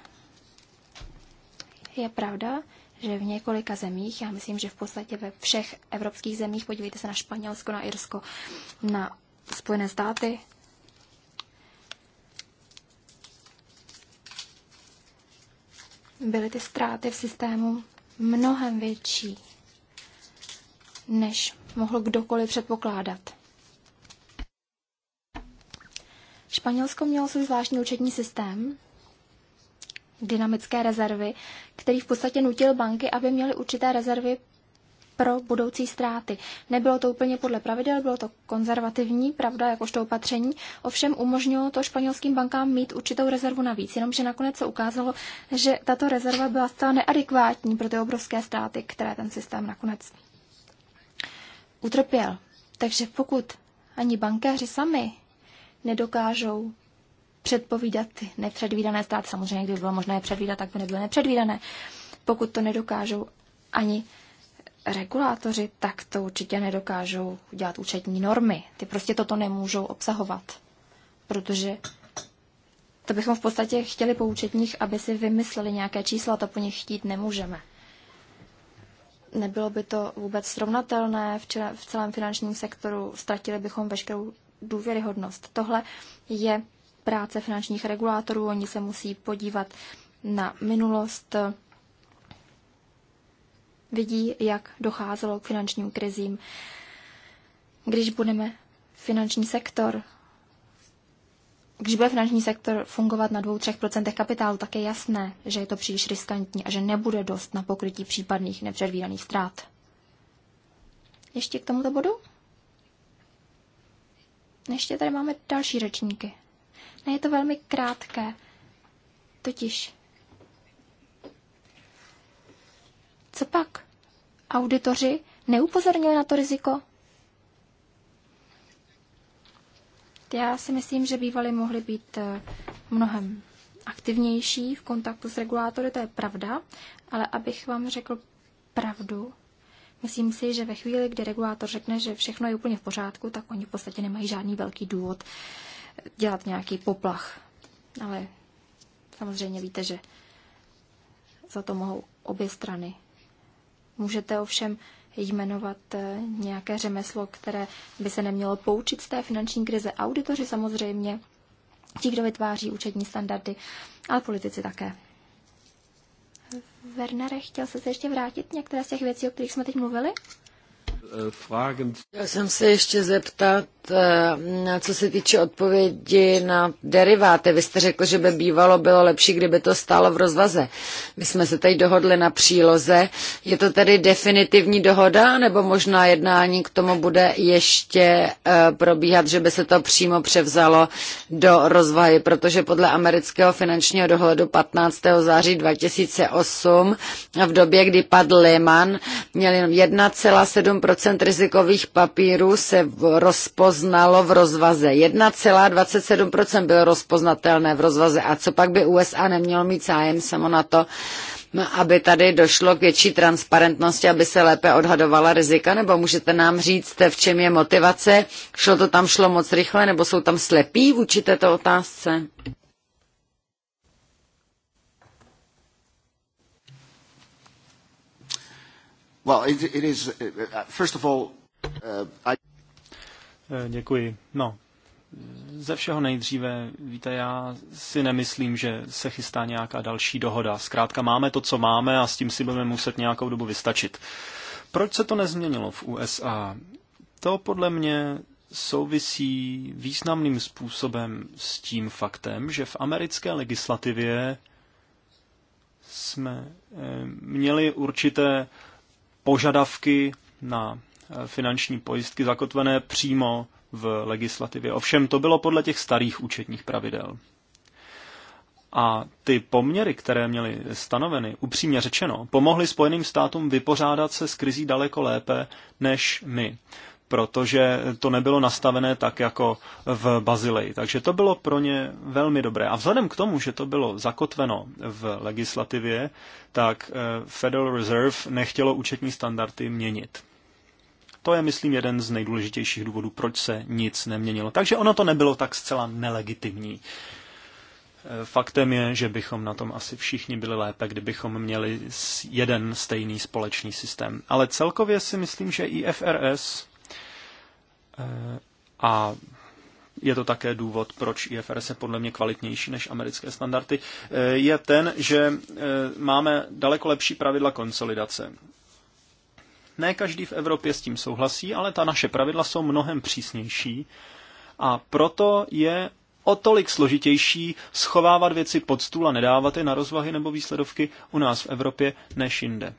Je pravda, že v několika zemích, já myslím, že v podstatě ve všech evropských zemích, podívejte se na Španělsko, na Irsko, na Spojené státy. Byly ty ztráty v systému mnohem větší, než mohl kdokoliv předpokládat. Španělsko mělo svůj zvláštní účetní systém, dynamické rezervy, který v podstatě nutil banky, aby měly určité rezervy pro budoucí ztráty. Nebylo to úplně podle pravidel, bylo to konzervativní, pravda, jakožto opatření, ovšem umožnilo to španělským bankám mít určitou rezervu navíc, jenomže nakonec se ukázalo, že tato rezerva byla zcela neadekvátní pro ty obrovské ztráty, které ten systém nakonec utrpěl. Takže pokud ani bankéři sami nedokážou předpovídat ty nepředvídané ztráty, samozřejmě kdyby bylo možné je předvídat, tak by nebyly nepředvídané, pokud to nedokážou ani regulátoři, tak to určitě nedokážou dělat účetní normy. Ty prostě toto nemůžou obsahovat, protože to bychom v podstatě chtěli po účetních, aby si vymysleli nějaké čísla, to po nich chtít nemůžeme. Nebylo by to vůbec srovnatelné v, čele, v celém finančním sektoru, ztratili bychom veškerou důvěryhodnost. Tohle je práce finančních regulátorů, oni se musí podívat na minulost, vidí, jak docházelo k finančním krizím. Když budeme finanční sektor, když bude finanční sektor fungovat na 2-3% kapitálu, tak je jasné, že je to příliš riskantní a že nebude dost na pokrytí případných nepředvídaných ztrát. Ještě k tomuto bodu? Ještě tady máme další řečníky. Ne, je to velmi krátké. Totiž Co pak? Auditoři neupozornili na to riziko? Já si myslím, že bývali mohli být eh, mnohem aktivnější v kontaktu s regulátory, to je pravda, ale abych vám řekl pravdu, myslím si, že ve chvíli, kdy regulátor řekne, že všechno je úplně v pořádku, tak oni v podstatě nemají žádný velký důvod eh, dělat nějaký poplach. Ale samozřejmě víte, že za to mohou obě strany Můžete ovšem jmenovat eh, nějaké řemeslo, které by se nemělo poučit z té finanční krize. Auditoři samozřejmě, ti, kdo vytváří účetní standardy, ale politici také. Wernere, chtěl jste se ještě vrátit některé z těch věcí, o kterých jsme teď mluvili? Já eh, jsem se ještě zeptat Eh, co se týče odpovědi na deriváty. Vy jste řekl, že by bývalo bylo lepší, kdyby to stálo v rozvaze. My jsme se tady dohodli na příloze. Je to tedy definitivní dohoda, nebo možná jednání k tomu bude ještě eh, probíhat, že by se to přímo převzalo do rozvahy, protože podle amerického finančního dohledu 15. září 2008 v době, kdy padl Lehman, měl 1,7% rizikových papírů se rozpoznat rozpoznalo v rozvaze. 1,27% bylo rozpoznatelné v rozvaze. A co pak by USA nemělo mít zájem samo na to, aby tady došlo k větší transparentnosti, aby se lépe odhadovala rizika, nebo můžete nám říct, v čem je motivace? Šlo to tam, šlo moc rychle, nebo jsou tam slepí vůči této otázce? Well, it, it is, uh, uh, first of all, uh, I... Eh, děkuji. No, ze všeho nejdříve, víte, já si nemyslím, že se chystá nějaká další dohoda. Zkrátka máme to, co máme a s tím si budeme muset nějakou dobu vystačit. Proč se to nezměnilo v USA? To podle mě souvisí významným způsobem s tím faktem, že v americké legislativě jsme eh, měli určité požadavky na finanční pojistky zakotvené přímo v legislativě. Ovšem to bylo podle těch starých účetních pravidel. A ty poměry, které měly stanoveny, upřímně řečeno, pomohly Spojeným státům vypořádat se s krizí daleko lépe než my, protože to nebylo nastavené tak jako v Bazileji. Takže to bylo pro ně velmi dobré. A vzhledem k tomu, že to bylo zakotveno v legislativě, tak eh, Federal Reserve nechtělo účetní standardy měnit. To je, myslím, jeden z nejdůležitějších důvodů, proč se nic neměnilo. Takže ono to nebylo tak zcela nelegitimní. E, faktem je, že bychom na tom asi všichni byli lépe, kdybychom měli jeden stejný společný systém. Ale celkově si myslím, že IFRS e, a je to také důvod, proč IFRS je podle mě kvalitnější než americké standardy, e, je ten, že máme daleko lepší pravidla konsolidace. Ne každý v Evropě s tím souhlasí, ale ta naše pravidla jsou mnohem přísnější a proto je o tolik složitější schovávat věci pod stůl a nedávat je na rozvahy nebo výsledovky u nás v Evropě než jinde. E,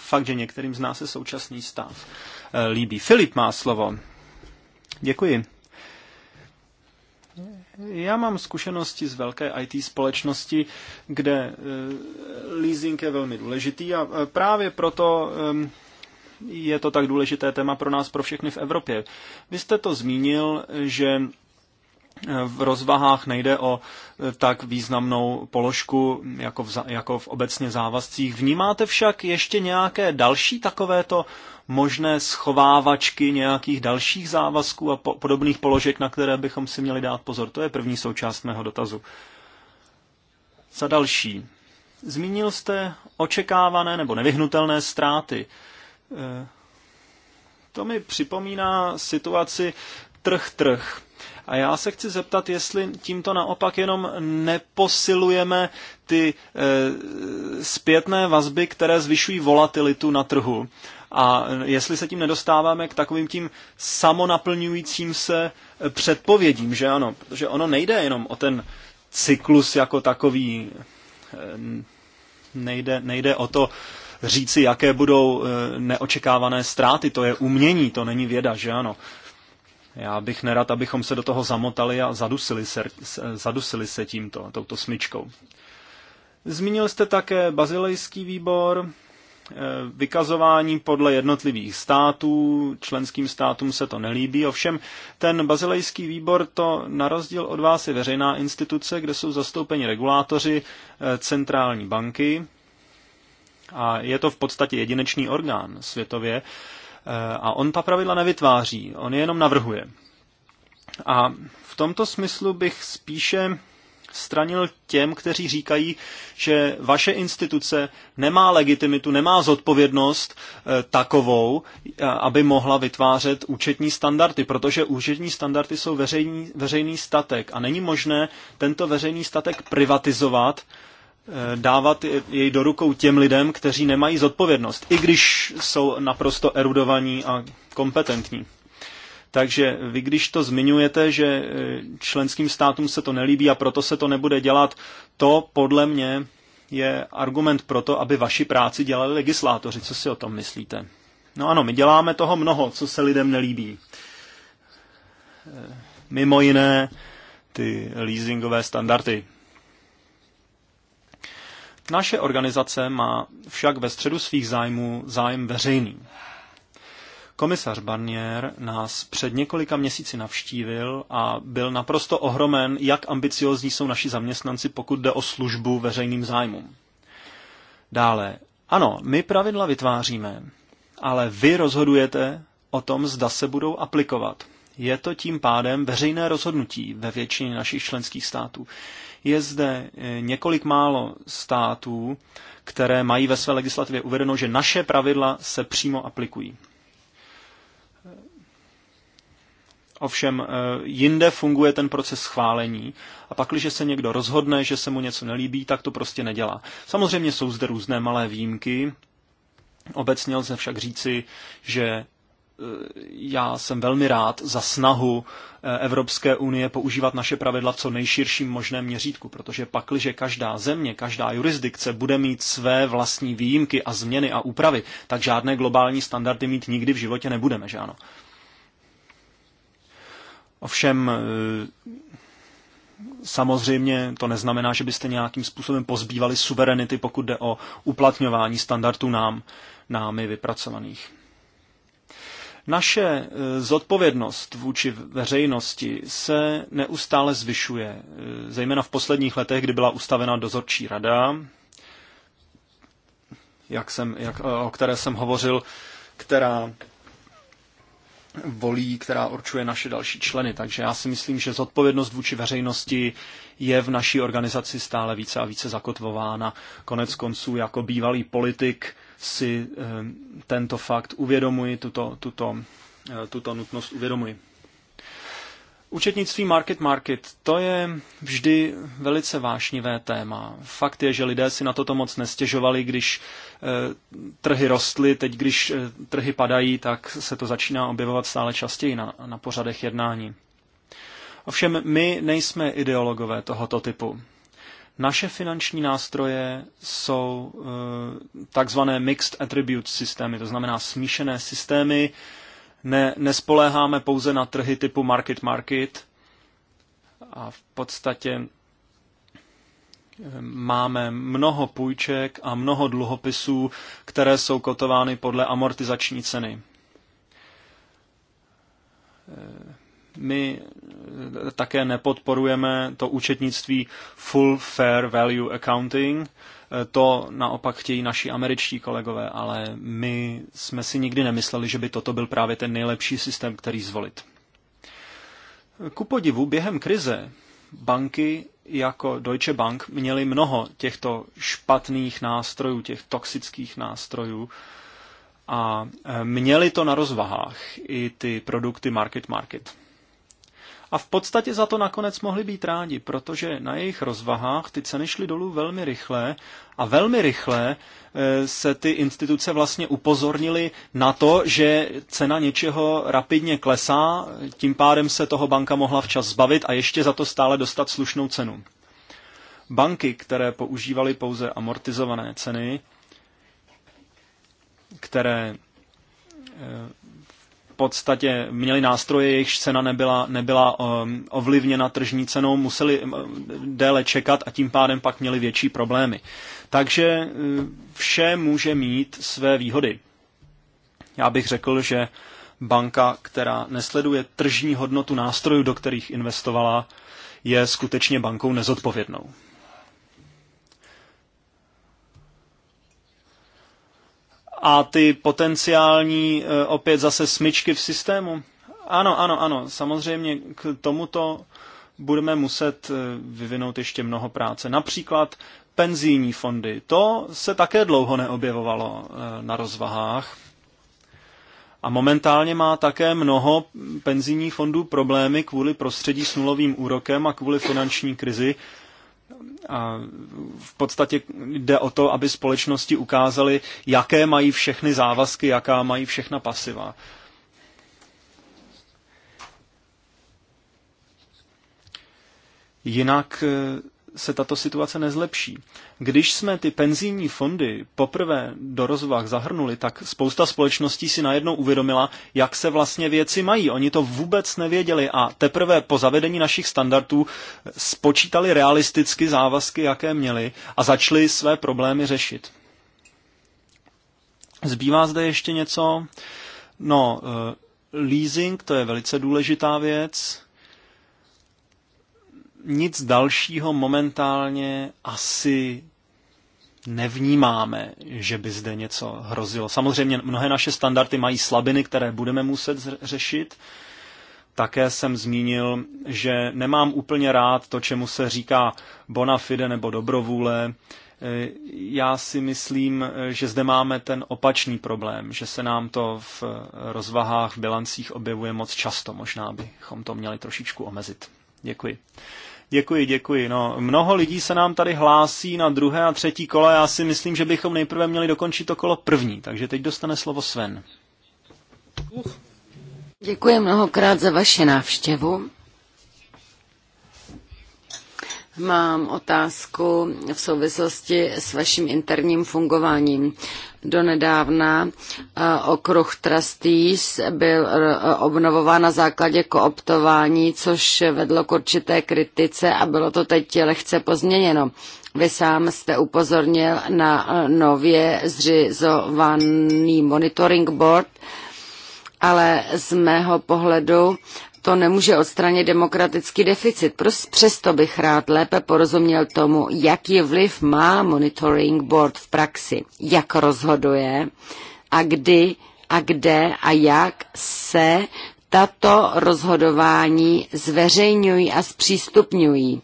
fakt, že některým z nás se současný stav. E, líbí. Filip má slovo. Děkuji. Já mám zkušenosti z velké IT společnosti, kde eh, leasing je velmi důležitý a eh, právě proto eh, je to tak důležité téma pro nás, pro všechny v Evropě. Vy jste to zmínil, že v rozvahách nejde o eh, tak významnou položku jako v, jako v obecně závazcích. Vnímáte však ještě nějaké další takovéto možné schovávačky nějakých dalších závazků a po, podobných položek, na které bychom si měli dát pozor? To je první součást mého dotazu. Za další. Zmínil jste očekávané nebo nevyhnutelné ztráty. Eh, to mi připomíná situaci trh-trh a já se chci zeptat, jestli tímto naopak jenom neposilujeme ty e, zpětné vazby, které zvyšují volatilitu na trhu. A jestli se tím nedostáváme k takovým tím samonaplňujícím se eh, předpovědím, že ano, protože ono nejde jenom o ten cyklus jako takový, eh, nejde, nejde o to říci, jaké budou neočekávané ztráty, to je umění, to není věda, že ano. Já bych nerad, abychom se do toho zamotali a zadusili se, zadusili se tímto, touto smyčkou. Zmínil jste také bazilejský výbor, e, vykazování podle jednotlivých států, členským státům se to nelíbí, ovšem ten bazilejský výbor to na rozdíl od vás je veřejná instituce, kde jsou zastoupeni regulátoři e, centrální banky a je to v podstatě jedinečný orgán světově, Eh, a on ta pravidla nevytváří, on je jenom navrhuje. A v tomto smyslu bych spíše stranil těm, kteří říkají, že vaše instituce nemá legitimitu, nemá zodpovědnost eh, takovou, eh, aby mohla vytvářet účetní standardy, protože účetní standardy jsou veřejný, veřejný statek a není možné tento veřejný statek privatizovat Eh, dávat jej do rukou těm lidem, kteří nemají zodpovědnost, i když jsou naprosto erudovaní a kompetentní. Takže vy, když to zmiňujete, že eh, členským státům se to nelíbí a proto se to nebude dělat, to podle mě je argument pro to, aby vaši práci dělali legislátoři. Co si o tom myslíte? No ano, my děláme toho mnoho, co se lidem nelíbí. Eh, mimo jiné ty leasingové standardy. Naše organizace má však ve středu svých zájmů zájem veřejný. Komisař Barnier nás před několika měsíci navštívil a byl naprosto ohromen, jak ambiciozní jsou naši zaměstnanci, pokud jde o službu veřejným zájmům. Dále, ano, my pravidla vytváříme, ale vy rozhodujete o tom, zda se budou aplikovat. Je to tím pádem veřejné rozhodnutí ve většině našich členských států. Je zde eh, několik málo států, které mají ve své legislativě uvedeno, že naše pravidla se přímo aplikují. Ovšem eh, jinde funguje ten proces schválení a pak, když se někdo rozhodne, že se mu něco nelíbí, tak to prostě nedělá. Samozřejmě jsou zde různé malé výjimky. Obecně lze však říci, že já jsem velmi rád za snahu eh, Evropské unie používat naše pravidla v co nejširším možném měřítku, protože pakliže každá země, každá jurisdikce bude mít své vlastní výjimky a změny a úpravy, tak žádné globální standardy mít nikdy v životě nebudeme, že ano? Ovšem, eh, samozřejmě to neznamená, že byste nějakým způsobem pozbývali suverenity, pokud jde o uplatňování standardů nám, námi vypracovaných. Naše eh, zodpovědnost vůči veřejnosti se neustále zvyšuje, eh, zejména v posledních letech, kdy byla ustavena dozorčí rada, jak jsem, jak, eh, o které jsem hovořil, která volí, která určuje naše další členy. Takže já si myslím, že zodpovědnost vůči veřejnosti je v naší organizaci stále více a více zakotvována. Konec konců, jako bývalý politik, si eh, tento fakt uvědomuji, tuto, tuto, eh, tuto nutnost uvědomuji. Učetnictví market market, to je vždy velice vášnivé téma. Fakt je, že lidé si na toto moc nestěžovali, když eh, trhy rostly, teď když trhy padají, tak se to začíná objevovat stále častěji na, na pořadech jednání. Ovšem my nejsme ideologové tohoto typu. Naše finanční nástroje jsou eh, takzvané mixed attribute systémy, to znamená smíšené systémy. Ne, nespoléháme pouze na trhy typu market-market a v podstatě eh, máme mnoho půjček a mnoho dluhopisů, které jsou kotovány podle amortizační ceny eh, my eh, také nepodporujeme to účetnictví full fair value accounting. Eh, to naopak chtějí naši američtí kolegové, ale my jsme si nikdy nemysleli, že by toto byl právě ten nejlepší systém, který zvolit. Ku podivu, během krize banky jako Deutsche Bank měly mnoho těchto špatných nástrojů, těch toxických nástrojů a eh, měli to na rozvahách i ty produkty market market. A v podstatě za to nakonec mohli být rádi, protože na jejich rozvahách ty ceny šly dolů velmi rychle a velmi rychle eh, se ty instituce vlastně upozornily na to, že cena něčeho rapidně klesá, tím pádem se toho banka mohla včas zbavit a ještě za to stále dostat slušnou cenu. Banky, které používaly pouze amortizované ceny, které eh, podstatě měli nástroje, jejichž cena nebyla, nebyla um, ovlivněna tržní cenou, museli um, déle čekat a tím pádem pak měli větší problémy. Takže uh, vše může mít své výhody. Já bych řekl, že banka, která nesleduje tržní hodnotu nástrojů, do kterých investovala, je skutečně bankou nezodpovědnou. a ty potenciální eh, opět zase smyčky v systému? Ano, ano, ano. Samozřejmě k tomuto budeme muset eh, vyvinout ještě mnoho práce. Například penzijní fondy. To se také dlouho neobjevovalo eh, na rozvahách. A momentálně má také mnoho penzijních fondů problémy kvůli prostředí s nulovým úrokem a kvůli finanční krizi, a v podstatě jde o to, aby společnosti ukázaly, jaké mají všechny závazky, jaká mají všechna pasiva. Jinak eh, se tato situace nezlepší. Když jsme ty penzijní fondy poprvé do rozvah zahrnuli, tak spousta společností si najednou uvědomila, jak se vlastně věci mají. Oni to vůbec nevěděli a teprve po zavedení našich standardů spočítali realisticky závazky, jaké měli a začali své problémy řešit. Zbývá zde ještě něco? No, eh, leasing, to je velice důležitá věc nic dalšího momentálně asi nevnímáme, že by zde něco hrozilo. Samozřejmě mnohé naše standardy mají slabiny, které budeme muset řešit. Také jsem zmínil, že nemám úplně rád to, čemu se říká bona fide nebo dobrovůle. E, já si myslím, že zde máme ten opačný problém, že se nám to v rozvahách, v bilancích objevuje moc často. Možná bychom to měli trošičku omezit. Děkuji. Děkuji, děkuji. No, mnoho lidí se nám tady hlásí na druhé a třetí kole. Já si myslím, že bychom nejprve měli dokončit to kolo první, takže teď dostane slovo Sven. Děkuji mnohokrát za vaši návštěvu. Mám otázku v souvislosti s vaším interním fungováním. Donedávna eh, okruh Trustees byl eh, obnovován na základě kooptování, což vedlo k určité kritice a bylo to teď lehce pozměněno. Vy sám jste upozornil na eh, nově zřizovaný monitoring board, ale z mého pohledu to nemůže odstranit demokratický deficit. Přesto bych rád lépe porozuměl tomu, jaký vliv má Monitoring Board v praxi, jak rozhoduje a kdy a kde a jak se tato rozhodování zveřejňují a zpřístupňují.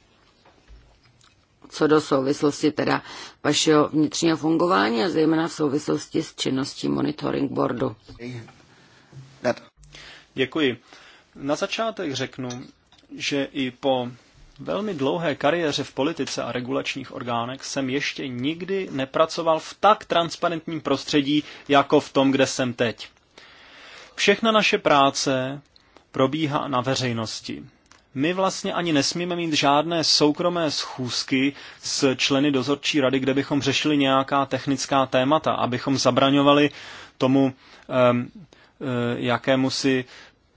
Co do souvislosti teda vašeho vnitřního fungování a zejména v souvislosti s činností monitoring boardu. Děkuji. Na začátek řeknu, že i po velmi dlouhé kariéře v politice a regulačních orgánech jsem ještě nikdy nepracoval v tak transparentním prostředí, jako v tom, kde jsem teď. Všechna naše práce probíhá na veřejnosti. My vlastně ani nesmíme mít žádné soukromé schůzky s členy dozorčí rady, kde bychom řešili nějaká technická témata, abychom zabraňovali tomu um, jakému si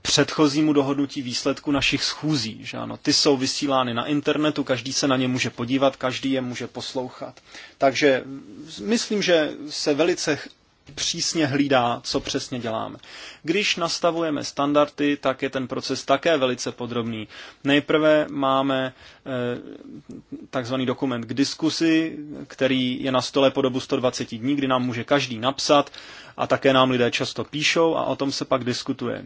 předchozímu dohodnutí výsledku našich schůzí. Že ano, ty jsou vysílány na internetu, každý se na ně může podívat, každý je může poslouchat. Takže myslím, že se velice přísně hlídá, co přesně děláme. Když nastavujeme standardy, tak je ten proces také velice podrobný. Nejprve máme eh, takzvaný dokument k diskusi, který je na stole po dobu 120 dní, kdy nám může každý napsat a také nám lidé často píšou a o tom se pak diskutuje.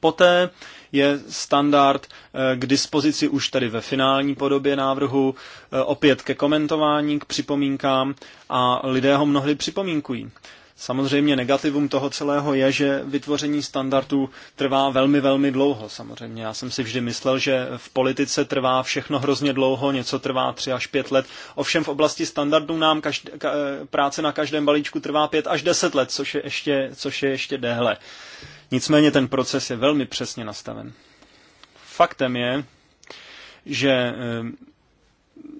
Poté je standard eh, k dispozici už tady ve finální podobě návrhu, eh, opět ke komentování, k připomínkám a lidé ho mnohdy připomínkují. Samozřejmě negativum toho celého je, že vytvoření standardů trvá velmi, velmi dlouho. Samozřejmě já jsem si vždy myslel, že v politice trvá všechno hrozně dlouho, něco trvá tři až pět let. Ovšem v oblasti standardů nám každ- ka- eh, práce na každém balíčku trvá pět až deset let, což je ještě, což je ještě déhle. Nicméně ten proces je velmi přesně nastaven. Faktem je, že eh,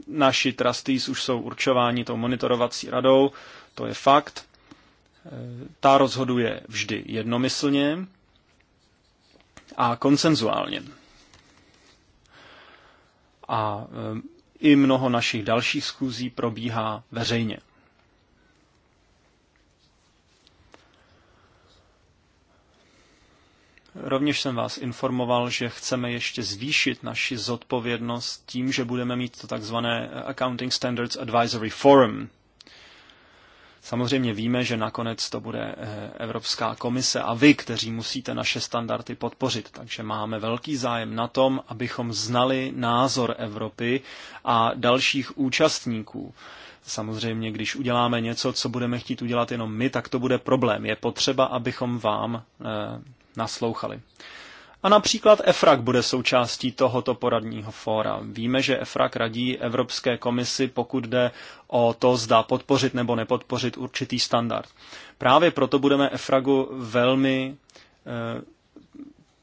naši trustees už jsou určováni tou monitorovací radou, to je fakt. Ta rozhoduje vždy jednomyslně a konsenzuálně. A e, i mnoho našich dalších schůzí probíhá veřejně. Rovněž jsem vás informoval, že chceme ještě zvýšit naši zodpovědnost tím, že budeme mít to takzvané Accounting Standards Advisory Forum. Samozřejmě víme, že nakonec to bude eh, Evropská komise a vy, kteří musíte naše standardy podpořit. Takže máme velký zájem na tom, abychom znali názor Evropy a dalších účastníků. Samozřejmě, když uděláme něco, co budeme chtít udělat jenom my, tak to bude problém. Je potřeba, abychom vám eh, naslouchali. A například EFRAG bude součástí tohoto poradního fóra. Víme, že EFRAG radí Evropské komisi, pokud jde o to, zda podpořit nebo nepodpořit určitý standard. Právě proto budeme EFRAGu velmi e,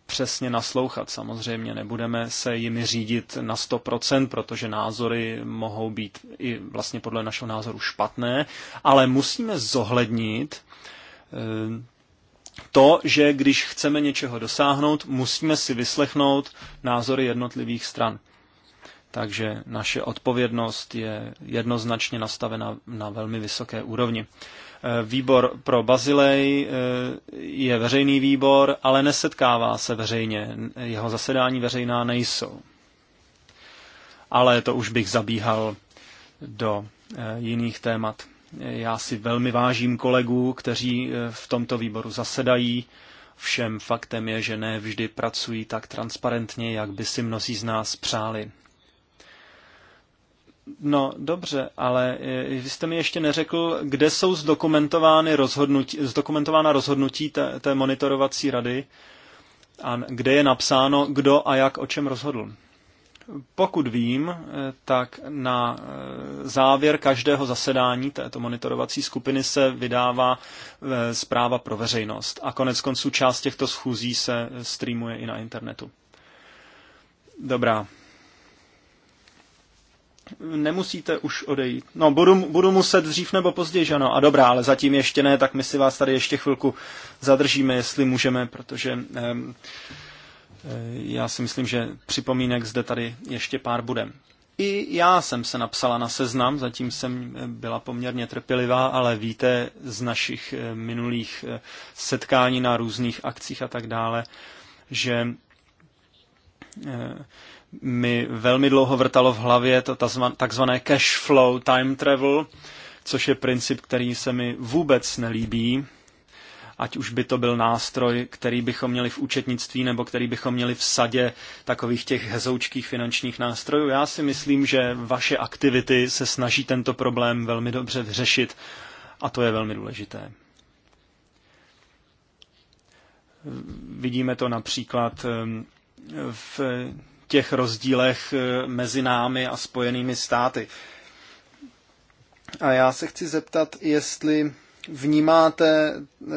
přesně naslouchat. Samozřejmě nebudeme se jimi řídit na 100%, protože názory mohou být i vlastně podle našeho názoru špatné, ale musíme zohlednit eh, to, že když chceme něčeho dosáhnout, musíme si vyslechnout názory jednotlivých stran. Takže naše odpovědnost je jednoznačně nastavena na velmi vysoké úrovni. E, výbor pro Bazilej e, je veřejný výbor, ale nesetkává se veřejně. Jeho zasedání veřejná nejsou. Ale to už bych zabíhal do e, jiných témat. Já si velmi vážím kolegů, kteří eh, v tomto výboru zasedají. Všem faktem je, že ne vždy pracují tak transparentně, jak by si mnozí z nás přáli. No, dobře, ale eh, vy jste mi ještě neřekl, kde jsou zdokumentovány rozhodnutí, zdokumentována rozhodnutí té, té monitorovací rady a kde je napsáno, kdo a jak o čem rozhodl. Pokud vím, eh, tak na eh, závěr každého zasedání této monitorovací skupiny se vydává eh, zpráva pro veřejnost a konec konců část těchto schůzí se streamuje i na internetu. Dobrá. Nemusíte už odejít. No, budu, budu muset dřív nebo později, že ano. A dobrá, ale zatím ještě ne, tak my si vás tady ještě chvilku zadržíme, jestli můžeme, protože... Eh, já si myslím, že připomínek zde tady ještě pár bude. I já jsem se napsala na seznam, zatím jsem byla poměrně trpělivá, ale víte z našich eh, minulých eh, setkání na různých akcích a tak dále, že eh, mi velmi dlouho vrtalo v hlavě to takzvané cash flow time travel, což je princip, který se mi vůbec nelíbí, ať už by to byl nástroj, který bychom měli v účetnictví nebo který bychom měli v sadě takových těch hezoučkých finančních nástrojů. Já si myslím, že vaše aktivity se snaží tento problém velmi dobře vyřešit a to je velmi důležité. Vidíme to například ehm, v těch rozdílech eh, mezi námi a spojenými státy. A já se chci zeptat, jestli vnímáte eh,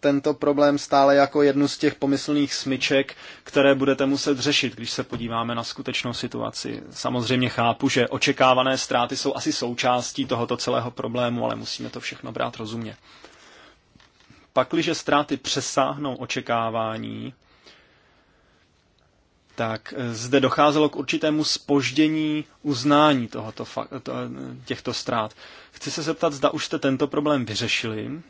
tento problém stále jako jednu z těch pomyslných smyček, které budete muset řešit, když se podíváme na skutečnou situaci. Samozřejmě chápu, že očekávané ztráty jsou asi součástí tohoto celého problému, ale musíme to všechno brát rozumně. Pakliže ztráty přesáhnou očekávání, tak eh, zde docházelo k určitému spoždění uznání tohoto, to, eh, těchto ztrát. Chci se zeptat, zda už jste tento problém vyřešili.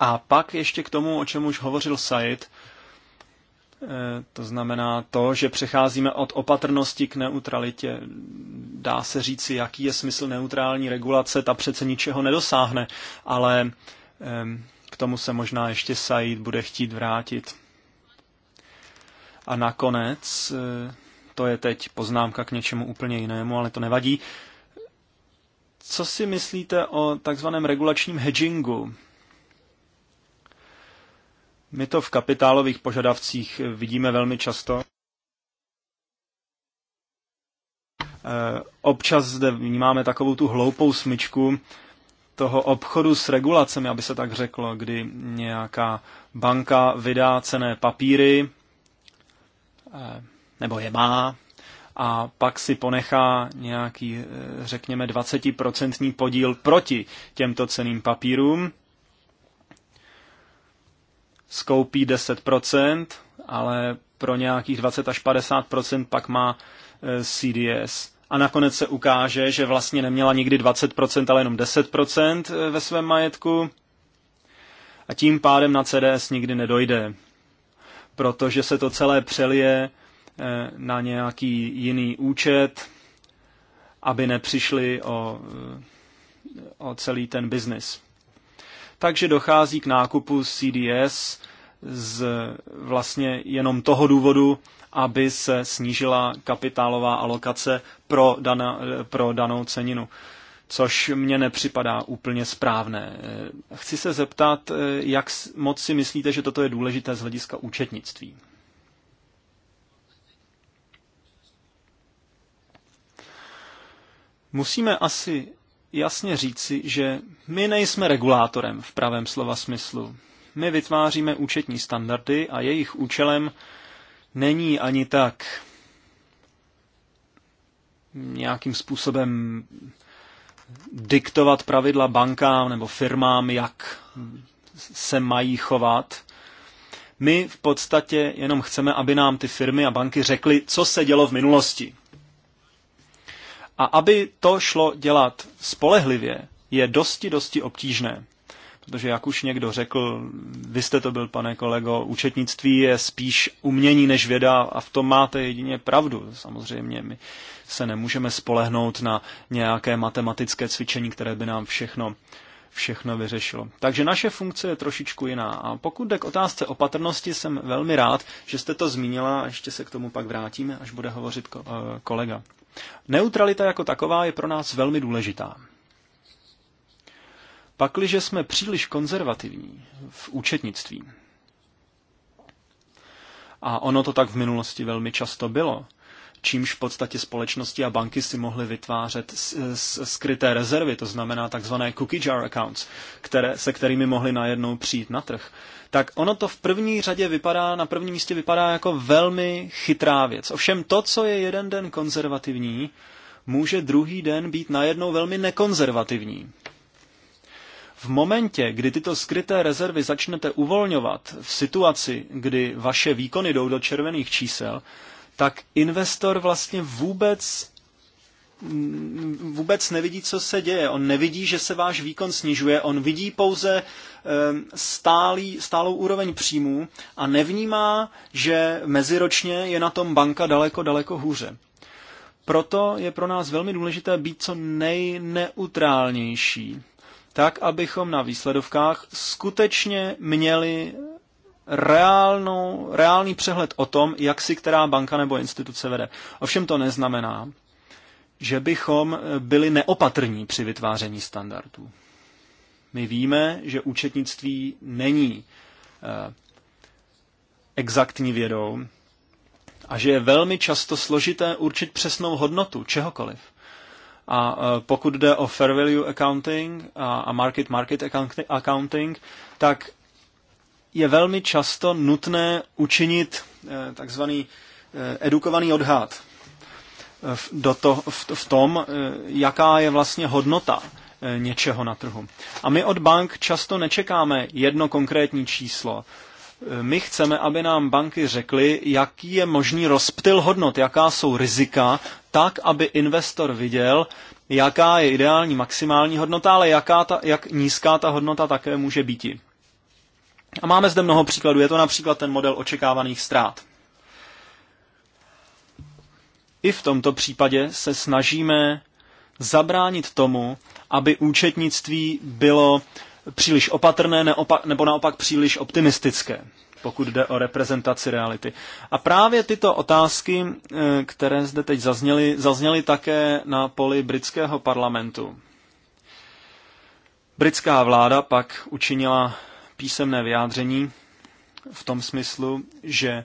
A pak ještě k tomu, o čem už hovořil Said, eh, to znamená to, že přecházíme od opatrnosti k neutralitě. Dá se říci, jaký je smysl neutrální regulace, ta přece ničeho nedosáhne, ale ehm, k tomu se možná ještě Said bude chtít vrátit. A nakonec, eh, to je teď poznámka k něčemu úplně jinému, ale to nevadí. Co si myslíte o takzvaném regulačním hedgingu? My to v kapitálových požadavcích vidíme velmi často. Eh, občas zde vnímáme takovou tu hloupou smyčku toho obchodu s regulacemi, aby se tak řeklo, kdy nějaká banka vydá cené papíry, Eh, nebo je má, a pak si ponechá nějaký, eh, řekněme, 20% podíl proti těmto ceným papírům. Skoupí 10%, ale pro nějakých 20 až 50% pak má eh, CDS. A nakonec se ukáže, že vlastně neměla nikdy 20%, ale jenom 10% ve svém majetku. A tím pádem na CDS nikdy nedojde protože se to celé přelije eh, na nějaký jiný účet, aby nepřišli o, eh, o celý ten biznis. Takže dochází k nákupu CDS z vlastně jenom toho důvodu, aby se snížila kapitálová alokace pro, dana, eh, pro danou ceninu což mně nepřipadá úplně správné. Chci se zeptat, jak moc si myslíte, že toto je důležité z hlediska účetnictví? Musíme asi jasně říci, že my nejsme regulátorem v pravém slova smyslu. My vytváříme účetní standardy a jejich účelem není ani tak nějakým způsobem diktovat pravidla bankám nebo firmám, jak se mají chovat. My v podstatě jenom chceme, aby nám ty firmy a banky řekly, co se dělo v minulosti. A aby to šlo dělat spolehlivě, je dosti, dosti obtížné. Protože jak už někdo řekl, vy jste to byl, pane kolego, účetnictví je spíš umění než věda a v tom máte jedině pravdu, samozřejmě. My, se nemůžeme spolehnout na nějaké matematické cvičení, které by nám všechno všechno vyřešilo. Takže naše funkce je trošičku jiná. A pokud jde k otázce opatrnosti, jsem velmi rád, že jste to zmínila a ještě se k tomu pak vrátíme, až bude hovořit eh, kolega. Neutralita jako taková je pro nás velmi důležitá. Pakliže jsme příliš konzervativní v účetnictví, a ono to tak v minulosti velmi často bylo, čímž v podstatě společnosti a banky si mohly vytvářet skryté rezervy, to znamená takzvané cookie jar accounts, které, se kterými mohly najednou přijít na trh. Tak ono to v první řadě vypadá, na prvním místě vypadá jako velmi chytrá věc. Ovšem to, co je jeden den konzervativní, může druhý den být najednou velmi nekonzervativní. V momentě, kdy tyto skryté rezervy začnete uvolňovat v situaci, kdy vaše výkony jdou do červených čísel, tak investor vlastně vůbec mm, vůbec nevidí, co se děje. On nevidí, že se váš výkon snižuje, on vidí pouze ehm, stálý, stálou úroveň příjmů a nevnímá, že meziročně je na tom banka daleko, daleko hůře. Proto je pro nás velmi důležité být co nejneutrálnější, tak abychom na výsledovkách skutečně měli reálnou, reálný přehled o tom, jak si která banka nebo instituce vede. Ovšem to neznamená, že bychom eh, byli neopatrní při vytváření standardů. My víme, že účetnictví není eh, exaktní vědou a že je velmi často složité určit přesnou hodnotu čehokoliv. A eh, pokud jde o fair value accounting a market market accounting, tak je velmi často nutné učinit eh, takzvaný eh, edukovaný odhad eh, do to, v, v tom, jaká je vlastně hodnota něčeho na trhu. A my od bank často nečekáme jedno konkrétní číslo. My chceme, aby nám banky řekly, jaký je možný rozptyl hodnot, jaká jsou rizika, tak, aby investor viděl, jaká je ideální maximální hodnota, ale jaká ta, jak nízká ta hodnota také může být. A máme zde mnoho příkladů. Je to například ten model očekávaných ztrát. I v tomto případě se snažíme zabránit tomu, aby účetnictví bylo příliš opatrné nebo naopak příliš optimistické, pokud jde o reprezentaci reality. A právě tyto otázky, eh, které zde teď zazněly, zazněly také na poli britského parlamentu. Britská vláda pak učinila písemné vyjádření v tom smyslu, že eh,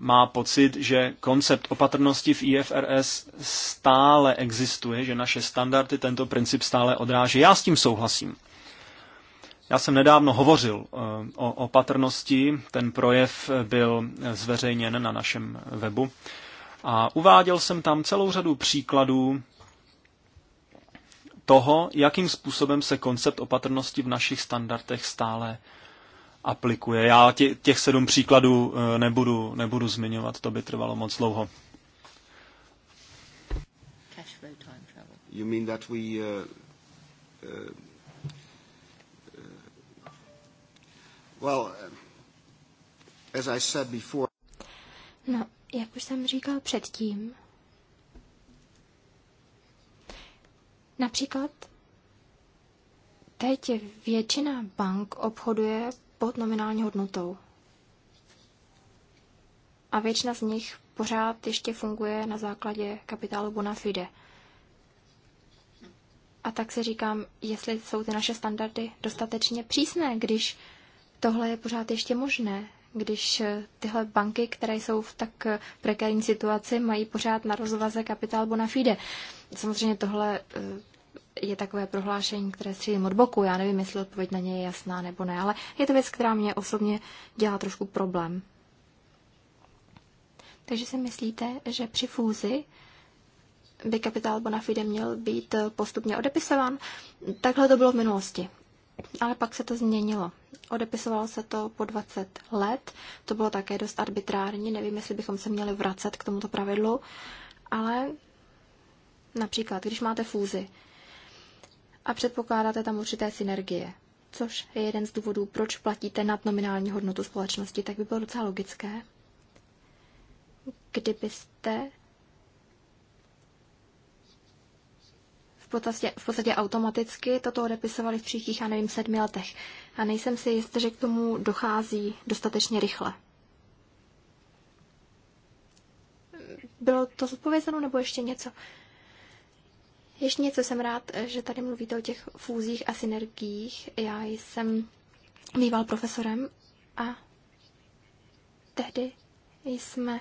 má pocit, že koncept opatrnosti v IFRS stále existuje, že naše standardy tento princip stále odráží. Já s tím souhlasím. Já jsem nedávno hovořil eh, o opatrnosti, ten projev byl zveřejněn na našem webu a uváděl jsem tam celou řadu příkladů toho, jakým způsobem se koncept opatrnosti v našich standardech stále aplikuje. Já těch sedm příkladů eh, nebudu, nebudu zmiňovat, to by trvalo moc dlouho. You mean that we uh, uh, uh well, uh, as I said before. No, jak už jsem říkal předtím, Například teď většina bank obchoduje pod nominální hodnotou. A většina z nich pořád ještě funguje na základě kapitálu bona fide. A tak si říkám, jestli jsou ty naše standardy dostatečně přísné, když tohle je pořád ještě možné když eh, tyhle banky, které jsou v tak eh, prekérní situaci, mají pořád na rozvaze kapitál bona fide. Samozřejmě tohle eh, je takové prohlášení, které střílím od boku. Já nevím, jestli odpověď na ně je jasná nebo ne, ale je to věc, která mě osobně dělá trošku problém. Takže si myslíte, že při fúzi by kapitál bona fide měl být postupně odepisován? Takhle to bylo v minulosti ale pak se to změnilo. Odepisovalo se to po 20 let, to bylo také dost arbitrární, nevím, jestli bychom se měli vracet k tomuto pravidlu, ale například, když máte fúzi a předpokládáte tam určité synergie, což je jeden z důvodů, proč platíte nad nominální hodnotu společnosti, tak by bylo docela logické, kdybyste v podstatě, v podstatě automaticky toto odepisovali v příštích, já nevím, sedmi letech. A nejsem si jistý, že k tomu dochází dostatečně rychle. Bylo to zodpovězeno nebo ještě něco? Ještě něco jsem rád, že tady mluvíte o těch fúzích a synergiích. Já jsem býval profesorem a tehdy jsme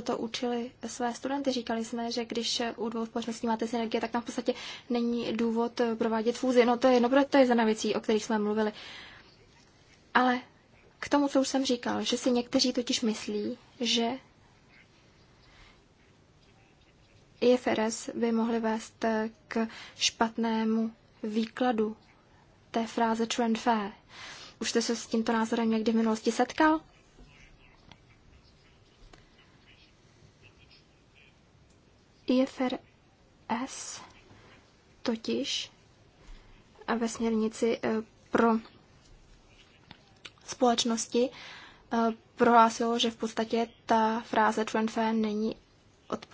toto učili své studenty. Říkali jsme, že když u dvou společností máte synergie, tak tam v podstatě není důvod provádět fúzi. No to je, no, to je jedna věcí, o kterých jsme mluvili. Ale k tomu, co už jsem říkal, že si někteří totiž myslí, že IFRS by mohly vést k špatnému výkladu té fráze trend fair. Už jste se s tímto názorem někdy v minulosti setkal? IFRS totiž eh, ve směrnici eh, pro společnosti eh, prohlásilo, že v podstatě ta fráze true fair není,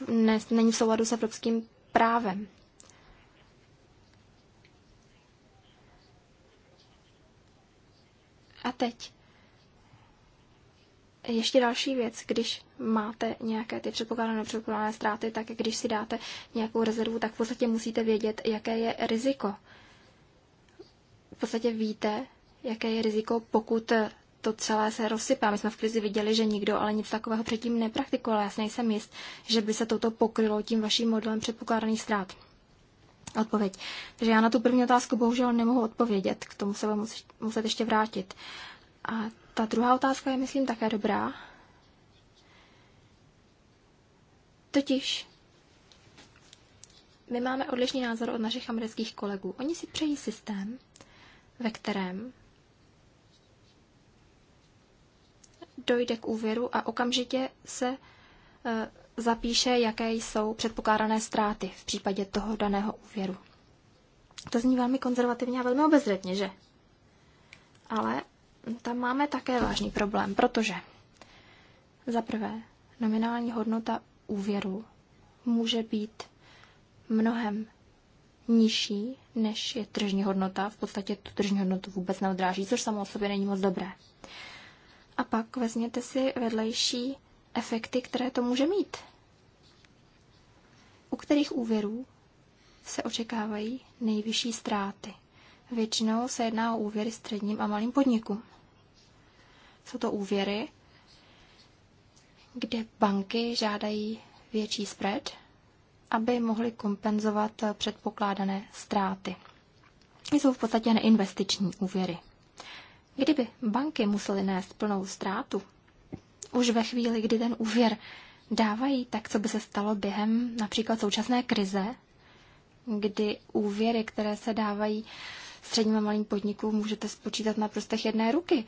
ne, není v souladu s evropským právem. A teď ještě další věc, když máte nějaké ty předpokládané předpokládané ztráty, tak když si dáte nějakou rezervu, tak v podstatě musíte vědět, jaké je riziko. V podstatě víte, jaké je riziko, pokud to celé se rozsypá. My jsme v krizi viděli, že nikdo ale nic takového předtím nepraktikoval. Já si nejsem jist, že by se toto pokrylo tím vaším modelem předpokládaných ztrát. Odpověď. Takže já na tu první otázku bohužel nemohu odpovědět. K tomu se budu muset ještě vrátit. A ta druhá otázka je, myslím, také dobrá. Totiž my máme odlišný názor od našich amerických kolegů. Oni si přejí systém, ve kterém dojde k úvěru a okamžitě se eh, zapíše, jaké jsou předpokládané ztráty v případě toho daného úvěru. To zní velmi konzervativně a velmi obezřetně, že? Ale tam máme také vážný problém, protože za prvé nominální hodnota úvěru může být mnohem nižší, než je tržní hodnota. V podstatě tu tržní hodnotu vůbec neodráží, což samo o sobě není moc dobré. A pak vezměte si vedlejší efekty, které to může mít. U kterých úvěrů se očekávají nejvyšší ztráty? Většinou se jedná o úvěry středním a malým podnikům. Jsou to úvěry, kde banky žádají větší spread, aby mohly kompenzovat předpokládané ztráty. Jsou v podstatě neinvestiční úvěry. Kdyby banky musely nést plnou ztrátu, už ve chvíli, kdy ten úvěr dávají, tak co by se stalo během například současné krize, kdy úvěry, které se dávají středním a malým podnikům, můžete spočítat na prostech jedné ruky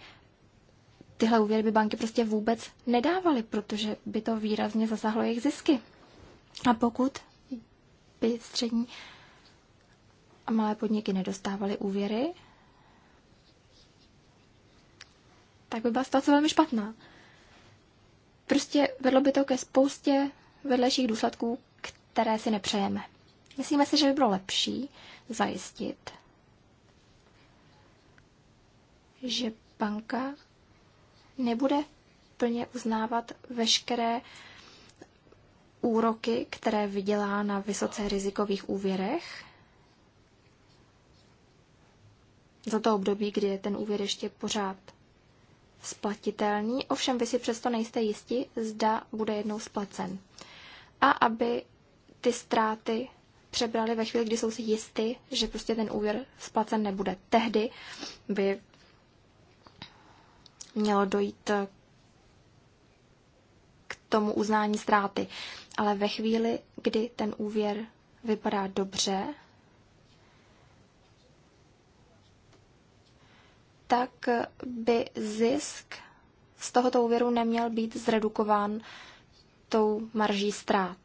tyhle úvěry by banky prostě vůbec nedávaly, protože by to výrazně zasáhlo jejich zisky. A pokud by střední a malé podniky nedostávaly úvěry, tak by byla situace velmi špatná. Prostě vedlo by to ke spoustě vedlejších důsledků, které si nepřejeme. Myslíme si, že by bylo lepší zajistit, že banka nebude plně uznávat veškeré úroky, které vydělá na vysoce rizikových úvěrech za to období, kdy je ten úvěr ještě pořád splatitelný, ovšem vy si přesto nejste jisti, zda bude jednou splacen. A aby ty ztráty přebrali ve chvíli, kdy jsou si jisty, že prostě ten úvěr splacen nebude. Tehdy by mělo dojít eh, k tomu uznání ztráty. Ale ve chvíli, kdy ten úvěr vypadá dobře, tak eh, by zisk z tohoto úvěru neměl být zredukován tou marží ztrát.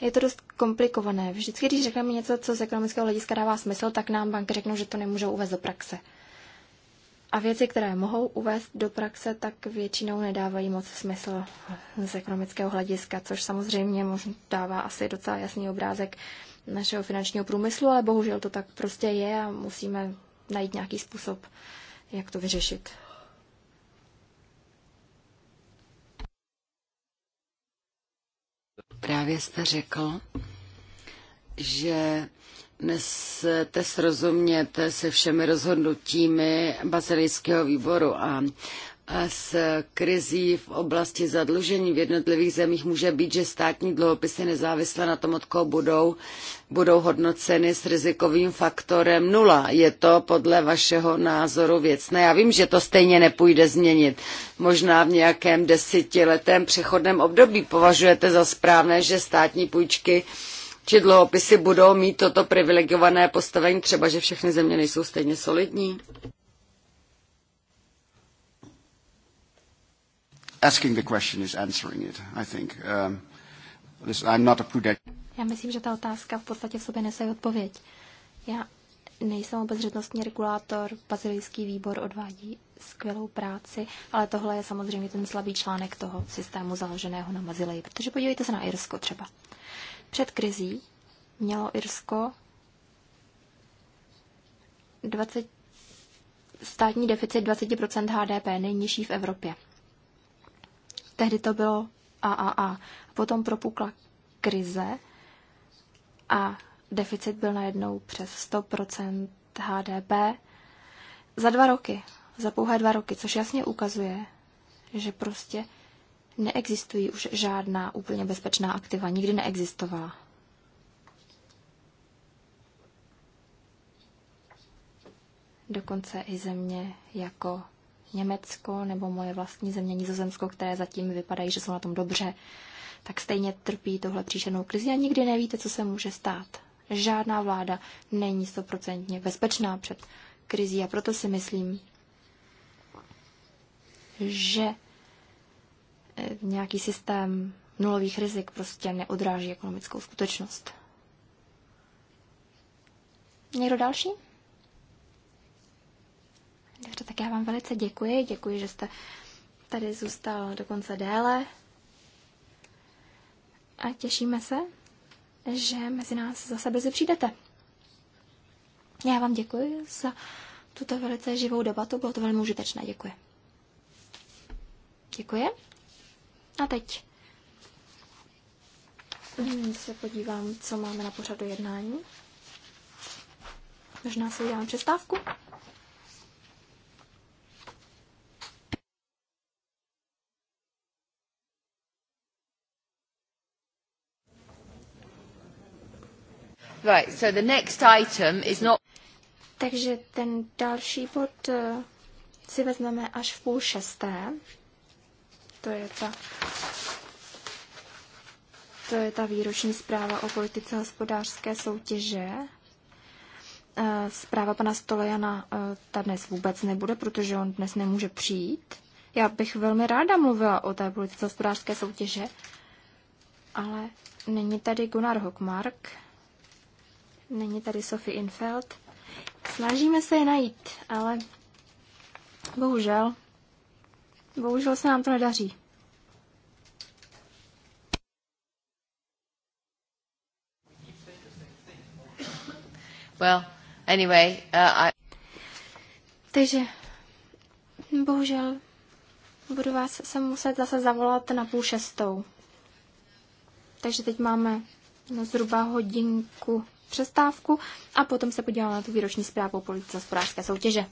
Je to dost komplikované. Vždycky, když řekneme něco, co z ekonomického hlediska dává smysl, tak nám banky řeknou, že to nemůžou uvést do praxe. A věci, které mohou uvést do praxe, tak většinou nedávají moc smysl z ekonomického hlediska, což samozřejmě dává asi docela jasný obrázek našeho finančního průmyslu, ale bohužel to tak prostě je a musíme najít nějaký způsob, jak to vyřešit. Právě jste řekl, že nesete srozumět se všemi rozhodnutími bazilijského výboru a s krizí v oblasti zadlužení v jednotlivých zemích může být, že státní dluhopisy nezávisle na tom, od koho budou, budou hodnoceny s rizikovým faktorem nula. Je to podle vašeho názoru věcné? Já vím, že to stejně nepůjde změnit. Možná v nějakém desetiletém přechodném období považujete za správné, že státní půjčky či dluhopisy budou mít toto privilegované postavení, třeba že všechny země nejsou stejně solidní? Asking the question is answering it, I think. Um, listen, I'm not a prudent. Já myslím, že ta otázka v podstatě v sobě nese odpověď. Já nejsem obezřetnostní regulátor, bazilijský výbor odvádí skvělou práci, ale tohle je samozřejmě ten slabý článek toho systému založeného na Bazileji, protože podívejte se na Irsko třeba. Před krizí mělo Irsko 20, státní deficit 20% HDP, nejnižší v Evropě. Tehdy to bylo AAA. Potom propukla krize a deficit byl najednou přes 100% HDP za dva roky, za pouhé dva roky, což jasně ukazuje, že prostě neexistují už žádná úplně bezpečná aktiva, nikdy neexistovala. Dokonce i země jako Německo nebo moje vlastní země Nizozemsko, které zatím vypadají, že jsou na tom dobře, tak stejně trpí tohle příšernou krizi a nikdy nevíte, co se může stát. Žádná vláda není stoprocentně bezpečná před krizí a proto si myslím, že Eh, nějaký systém nulových rizik prostě neodráží ekonomickou skutečnost. Někdo další? Dobře, tak já vám velice děkuji. Děkuji, že jste tady zůstal dokonce déle. A těšíme se, že mezi nás zase brzy přijdete. Já vám děkuji za tuto velice živou debatu, bylo to velmi užitečné. Děkuji. Děkuji. A teď se podívám, co máme na pořadu jednání. Možná si udělám přestávku. Right, so the next item is not... Takže ten další bod eh, si vezmeme až v půl šesté to je ta, to je ta výroční zpráva o politice hospodářské soutěže. Eh, zpráva pana Stolejana eh, ta dnes vůbec nebude, protože on dnes nemůže přijít. Já bych velmi ráda mluvila o té politice hospodářské soutěže, ale není tady Gunnar Hockmark, není tady Sophie Infeld. Snažíme se je najít, ale bohužel Bohužel se nám to nedaří. Well, anyway, uh, I... Takže, bohužel, budu vás se muset zase zavolat na půl šestou. Takže teď máme zhruba hodinku přestávku a potom se podíváme na tu výroční zprávu o politice soutěže.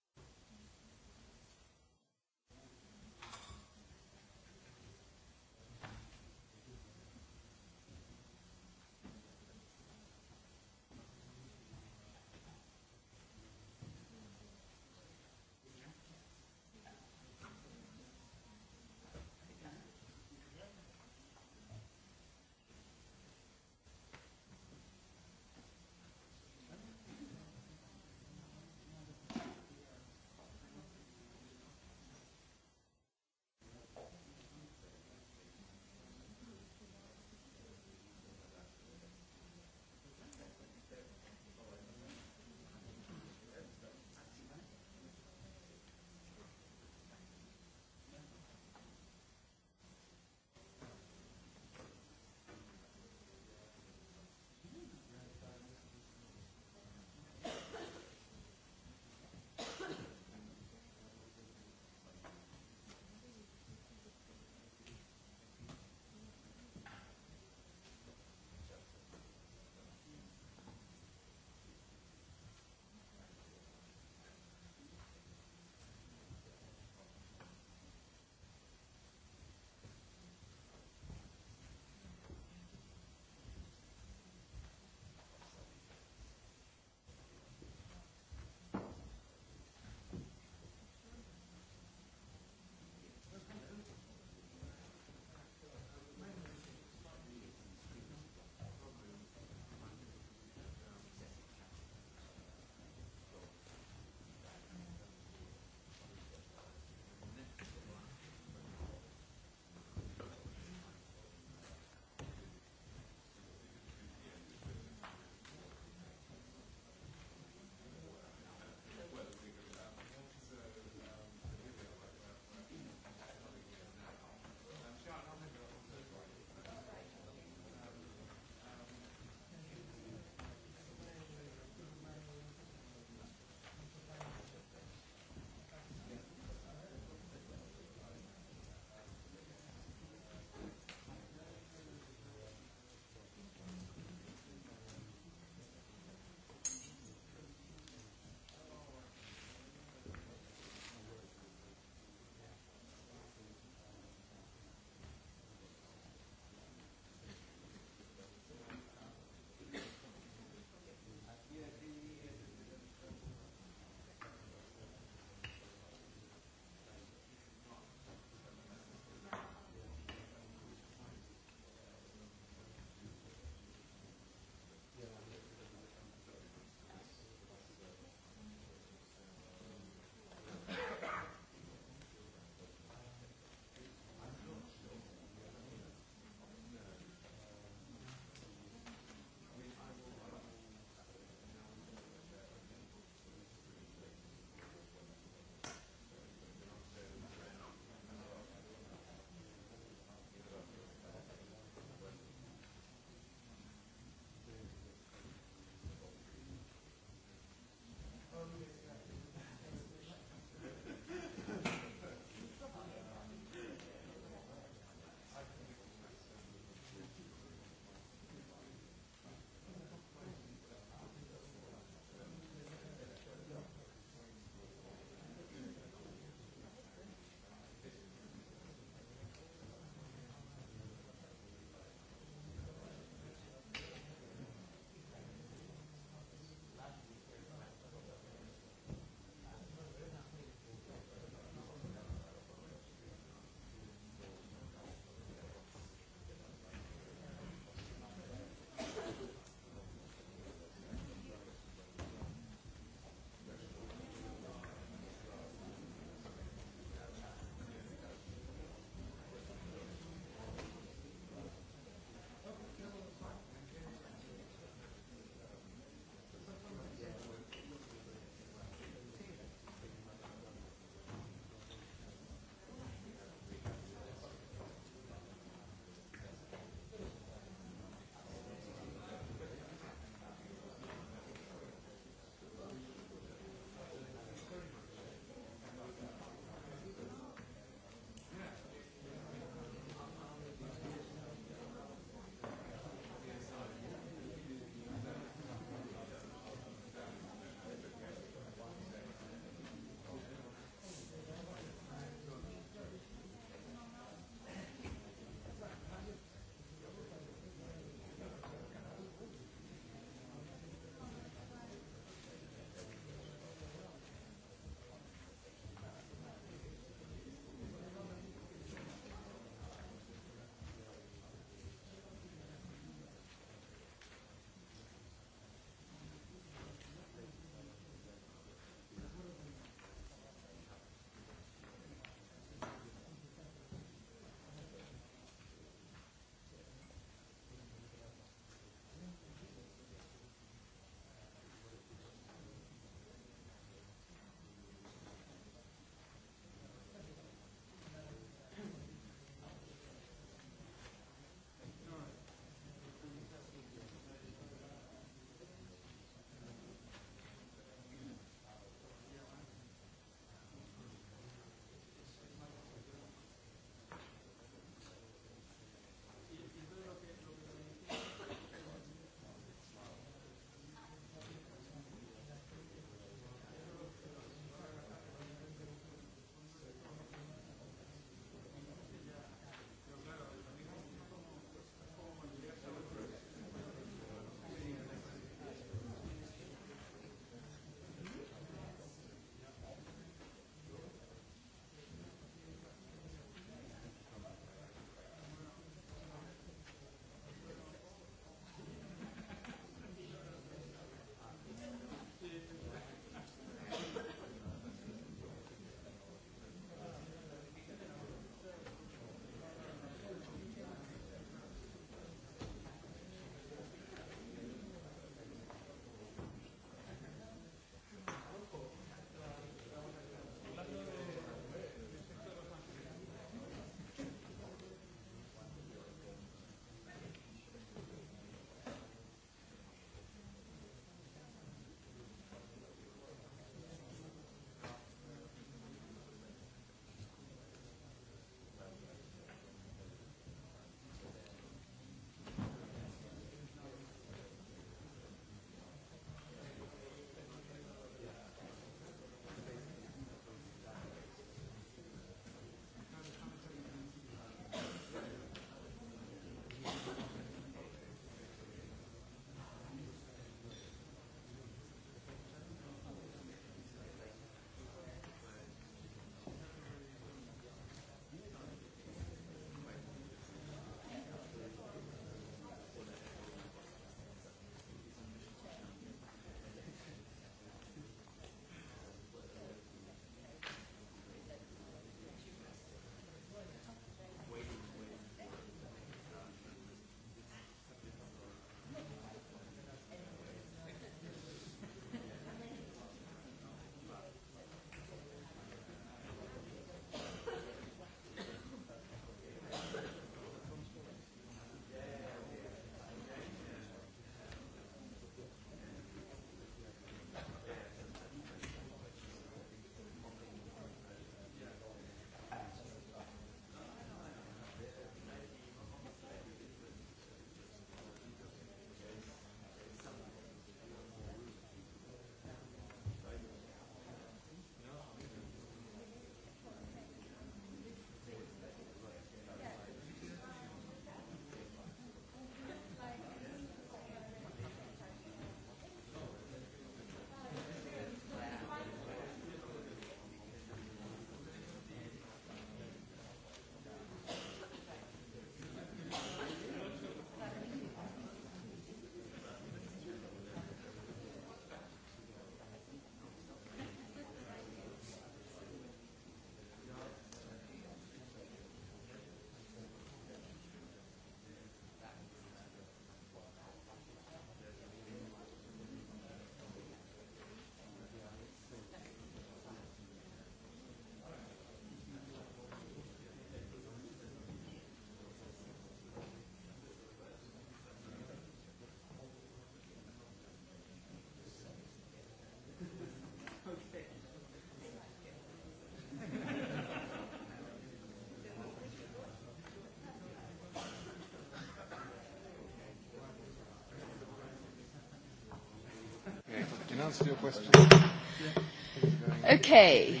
Okay.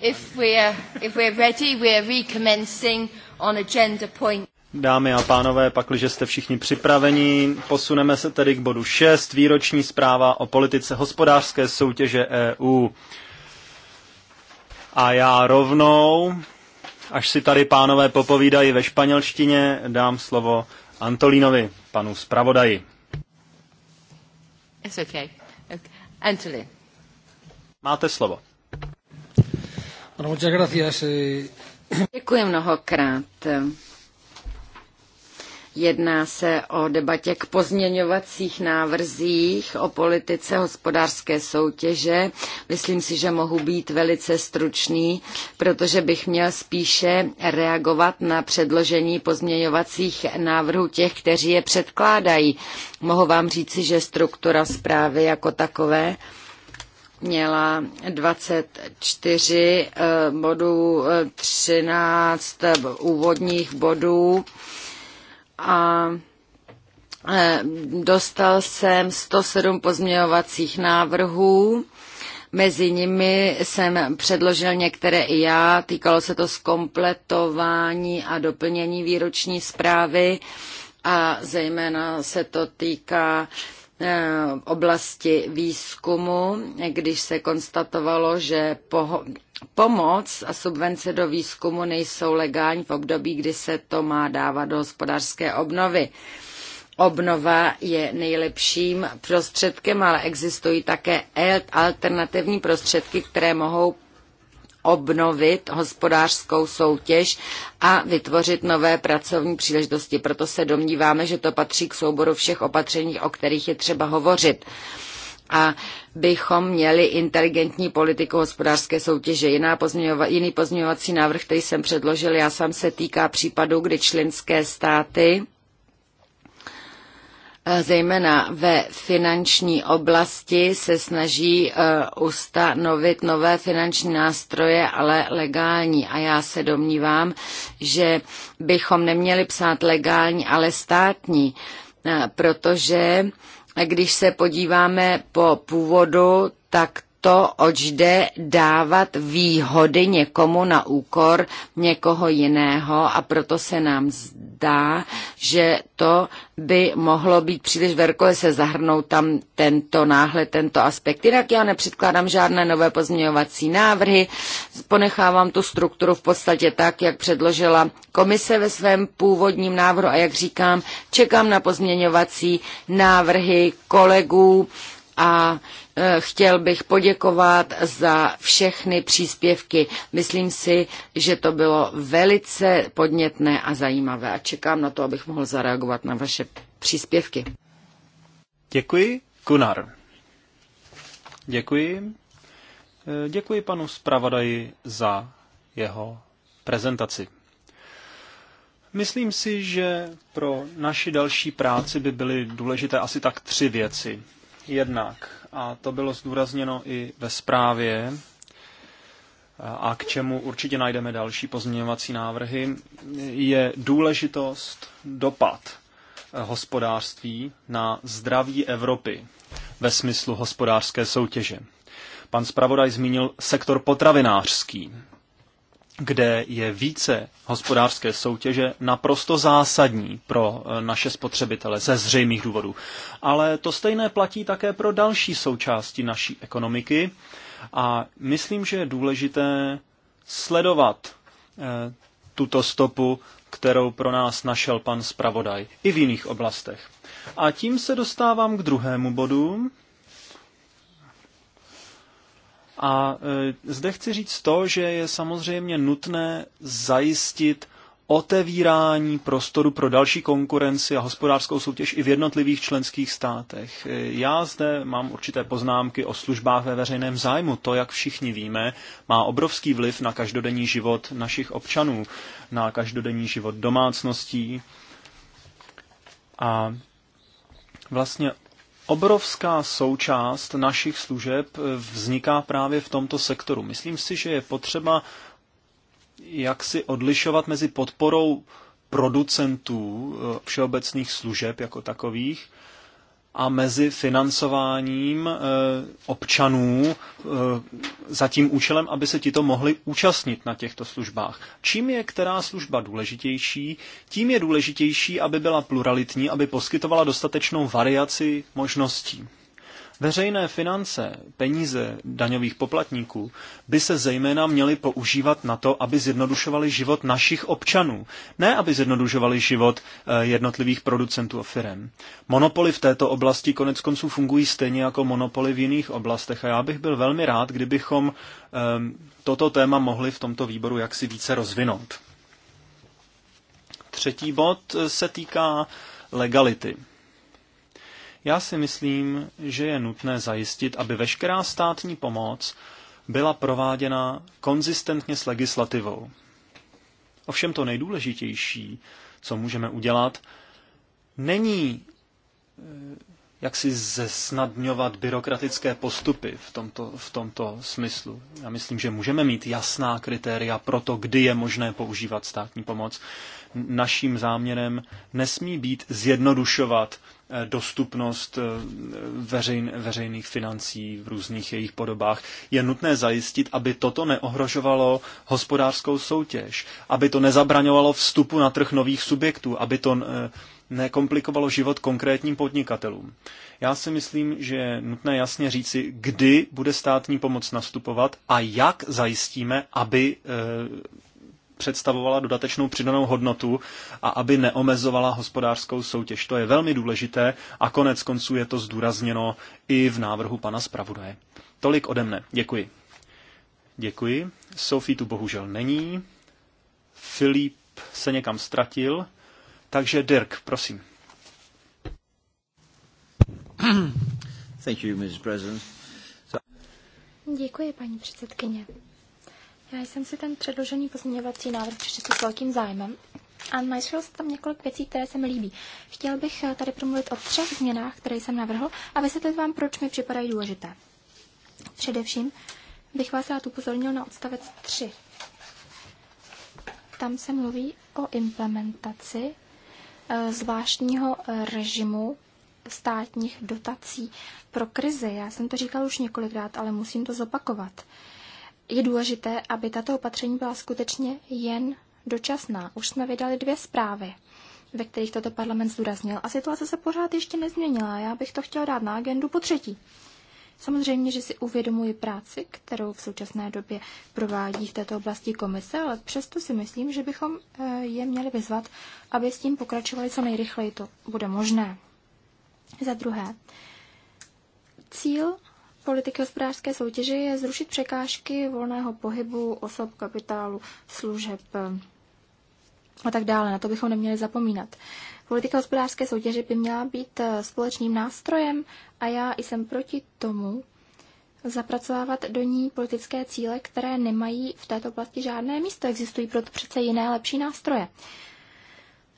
If we're, if we're ready, we're recommencing on agenda point. Dámy a pánové, pakliže jste všichni připraveni, posuneme se tedy k bodu 6, výroční zpráva o politice hospodářské soutěže EU. A já rovnou, až si tady pánové popovídají ve španělštině, dám slovo Antolínovi, panu zpravodaji. It's okay. Anthony. Máte slovo. Děkuji mnohokrát. Jedná se o debatě k pozměňovacích návrzích o politice hospodářské soutěže. Myslím si, že mohu být velice stručný, protože bych měl spíše reagovat na předložení pozměňovacích návrhů těch, kteří je předkládají. Mohu vám říci, že struktura zprávy jako takové měla 24 eh, bodů, 13 eh, eh, úvodních bodů a e, dostal jsem 107 pozměňovacích návrhů. Mezi nimi jsem předložil některé i já. Týkalo se to zkompletování a doplnění výroční zprávy a zejména se to týká v eh, oblasti výzkumu, když se konstatovalo, že pomoc a subvence do výzkumu nejsou legální v období, kdy se to má dávat do hospodářské obnovy. Obnova je nejlepším prostředkem, ale existují také alternativní prostředky, které mohou obnovit hospodářskou soutěž a vytvořit nové pracovní příležitosti. Proto se domníváme, že to patří k souboru všech opatření, o kterých je třeba hovořit. A bychom měli inteligentní politiku hospodářské soutěže. Jiná pozměňova, jiný pozměňovací návrh, který jsem předložil, já sám se týká případů, kdy členské státy zejména ve finanční oblasti se snaží e, ustanovit nové finanční nástroje, ale legální. A já se domnívám, že bychom neměli psát legální, ale státní, e, protože když se podíváme po původu, tak to, oč jde dávat výhody někomu na úkor někoho jiného a proto se nám zdá, že to by mohlo být příliš velké se zahrnout tam tento náhle tento aspekt. Jinak já nepředkládám žádné nové pozměňovací návrhy, ponechávám tu strukturu v podstatě tak, jak předložila komise ve svém původním návrhu a jak říkám, čekám na pozměňovací návrhy kolegů, a e, chtěl bych poděkovat za všechny příspěvky. Myslím si, že to bylo velice podnětné a zajímavé a čekám na to, abych mohl zareagovat na vaše příspěvky. Děkuji. Kunar. Děkuji. E, děkuji panu zpravodaji za jeho prezentaci. Myslím si, že pro naši další práci by byly důležité asi tak tři věci. Jednak, a to bylo zdůrazněno i ve zprávě, a k čemu určitě najdeme další pozměňovací návrhy, je důležitost dopad eh, hospodářství na zdraví Evropy ve smyslu hospodářské soutěže. Pan zpravodaj zmínil sektor potravinářský kde je více hospodářské soutěže, naprosto zásadní pro eh, naše spotřebitele ze zřejmých důvodů. Ale to stejné platí také pro další součásti naší ekonomiky a myslím, že je důležité sledovat eh, tuto stopu, kterou pro nás našel pan zpravodaj i v jiných oblastech. A tím se dostávám k druhému bodu, a e, zde chci říct to, že je samozřejmě nutné zajistit otevírání prostoru pro další konkurenci a hospodářskou soutěž i v jednotlivých členských státech. E, já zde mám určité poznámky o službách ve veřejném zájmu. To, jak všichni víme, má obrovský vliv na každodenní život našich občanů, na každodenní život domácností. A vlastně Obrovská součást našich služeb eh, vzniká právě v tomto sektoru. Myslím si, že je potřeba jak si odlišovat mezi podporou producentů eh, všeobecných služeb jako takových a mezi financováním eh, občanů eh, za tím účelem, aby se tito mohli účastnit na těchto službách. Čím je která služba důležitější, tím je důležitější, aby byla pluralitní, aby poskytovala dostatečnou variaci možností. Veřejné finance, peníze daňových poplatníků by se zejména měly používat na to, aby zjednodušovali život našich občanů, ne aby zjednodušovali život eh, jednotlivých producentů a firm. Monopoly v této oblasti konec konců fungují stejně jako monopoly v jiných oblastech a já bych byl velmi rád, kdybychom eh, toto téma mohli v tomto výboru jaksi více rozvinout. Třetí bod eh, se týká legality. Já si myslím, že je nutné zajistit, aby veškerá státní pomoc byla prováděna konzistentně s legislativou. Ovšem to nejdůležitější, co můžeme udělat, není eh, jak si zesnadňovat byrokratické postupy v tomto, v tomto smyslu. Já myslím, že můžeme mít jasná kritéria pro to, kdy je možné používat státní pomoc. Naším záměrem nesmí být zjednodušovat Eh, dostupnost eh, veřejn, veřejných financí v různých jejich podobách. Je nutné zajistit, aby toto neohrožovalo hospodářskou soutěž, aby to nezabraňovalo vstupu na trh nových subjektů, aby to eh, nekomplikovalo život konkrétním podnikatelům. Já si myslím, že je nutné jasně říci, kdy bude státní pomoc nastupovat a jak zajistíme, aby představovala dodatečnou přidanou hodnotu a aby neomezovala hospodářskou soutěž. To je velmi důležité a konec konců je to zdůrazněno i v návrhu pana zpravodaje. Tolik ode mne. Děkuji. Děkuji. Sofie tu bohužel není. Filip se někam ztratil. Takže Dirk, prosím. Thank you, Mrs. President. Děkuji, paní předsedkyně. Já jsem si ten předložený pozměňovací návrh přečetl s velkým zájmem a našel jsem tam několik věcí, které se mi líbí. Chtěl bych eh, tady promluvit o třech změnách, které jsem navrhl a vysvětlit vám, proč mi připadají důležité. Především bych vás rád upozornil na odstavec 3. Tam se mluví o implementaci eh, zvláštního režimu státních dotací pro krizi. Já jsem to říkal už několikrát, ale musím to zopakovat je důležité, aby tato opatření byla skutečně jen dočasná. Už jsme vydali dvě zprávy, ve kterých toto parlament zdůraznil a situace se pořád ještě nezměnila. Já bych to chtěla dát na agendu po třetí. Samozřejmě, že si uvědomuji práci, kterou v současné době provádí v této oblasti komise, ale přesto si myslím, že bychom eh, je měli vyzvat, aby s tím pokračovali co nejrychleji. To bude možné. Za druhé, cíl politiky hospodářské soutěže je zrušit překážky volného pohybu osob, kapitálu, služeb a tak dále. Na to bychom neměli zapomínat. Politika hospodářské soutěže by měla být eh, společným nástrojem a já jsem proti tomu zapracovávat do ní politické cíle, které nemají v této oblasti žádné místo. Existují proto přece jiné lepší nástroje.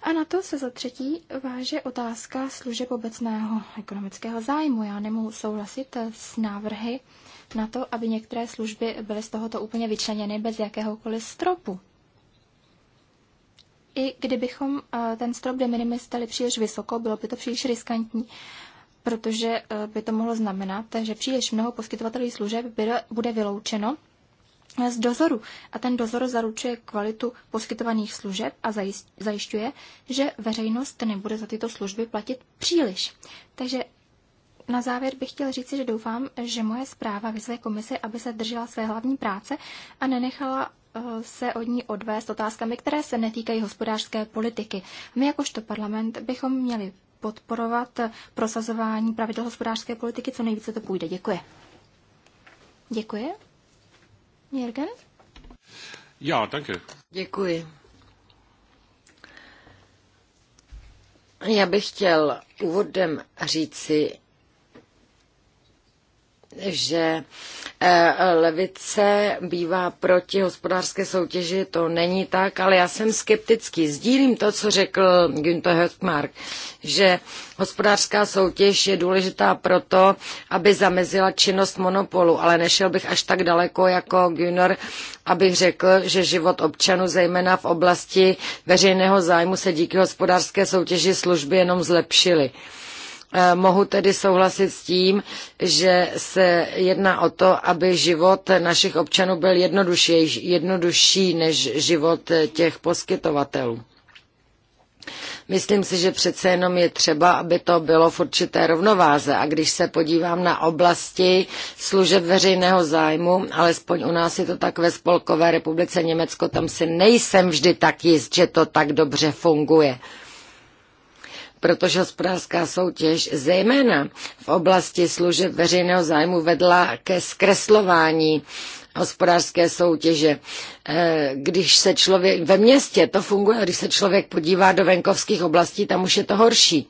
A na to se za třetí váže otázka služeb obecného ekonomického zájmu. Já nemohu souhlasit s návrhy na to, aby některé služby byly z tohoto úplně vyčleněny bez jakéhokoliv stropu. I kdybychom eh, ten strop de minimis dali příliš vysoko, bylo by to příliš riskantní, protože eh, by to mohlo znamenat, že příliš mnoho poskytovatelů služeb bude vyloučeno z dozoru. A ten dozor zaručuje kvalitu poskytovaných služeb a zajišťuje, že veřejnost nebude za tyto služby platit příliš. Takže na závěr bych chtěl říci, že doufám, že moje zpráva vyzve komise, aby se držela své hlavní práce a nenechala eh, se od ní odvést otázkami, které se netýkají hospodářské politiky. My jakožto parlament bychom měli podporovat prosazování pravidel hospodářské politiky, co nejvíce to půjde. Děkuji. Děkuji. Jürgen? Já, danke. Děkuji. Já bych chtěl úvodem říci, že eh, levice bývá proti hospodářské soutěži, to není tak, ale já jsem skeptický. Sdílím to, co řekl Günther Höckmark, že hospodářská soutěž je důležitá proto, aby zamezila činnost monopolu, ale nešel bych až tak daleko jako Günther, abych řekl, že život občanů, zejména v oblasti veřejného zájmu, se díky hospodářské soutěži služby jenom zlepšily. Eh, mohu tedy souhlasit s tím, že se jedná o to, aby život našich občanů byl jednodušší, jednodušší než život těch poskytovatelů. Myslím si, že přece jenom je třeba, aby to bylo v určité rovnováze. A když se podívám na oblasti služeb veřejného zájmu, alespoň u nás je to tak ve Spolkové republice Německo, tam si nejsem vždy tak jist, že to tak dobře funguje protože hospodářská soutěž zejména v oblasti služeb veřejného zájmu vedla ke zkreslování hospodářské soutěže. Eh, když se člověk ve městě to funguje, když se člověk podívá do venkovských oblastí, tam už je to horší.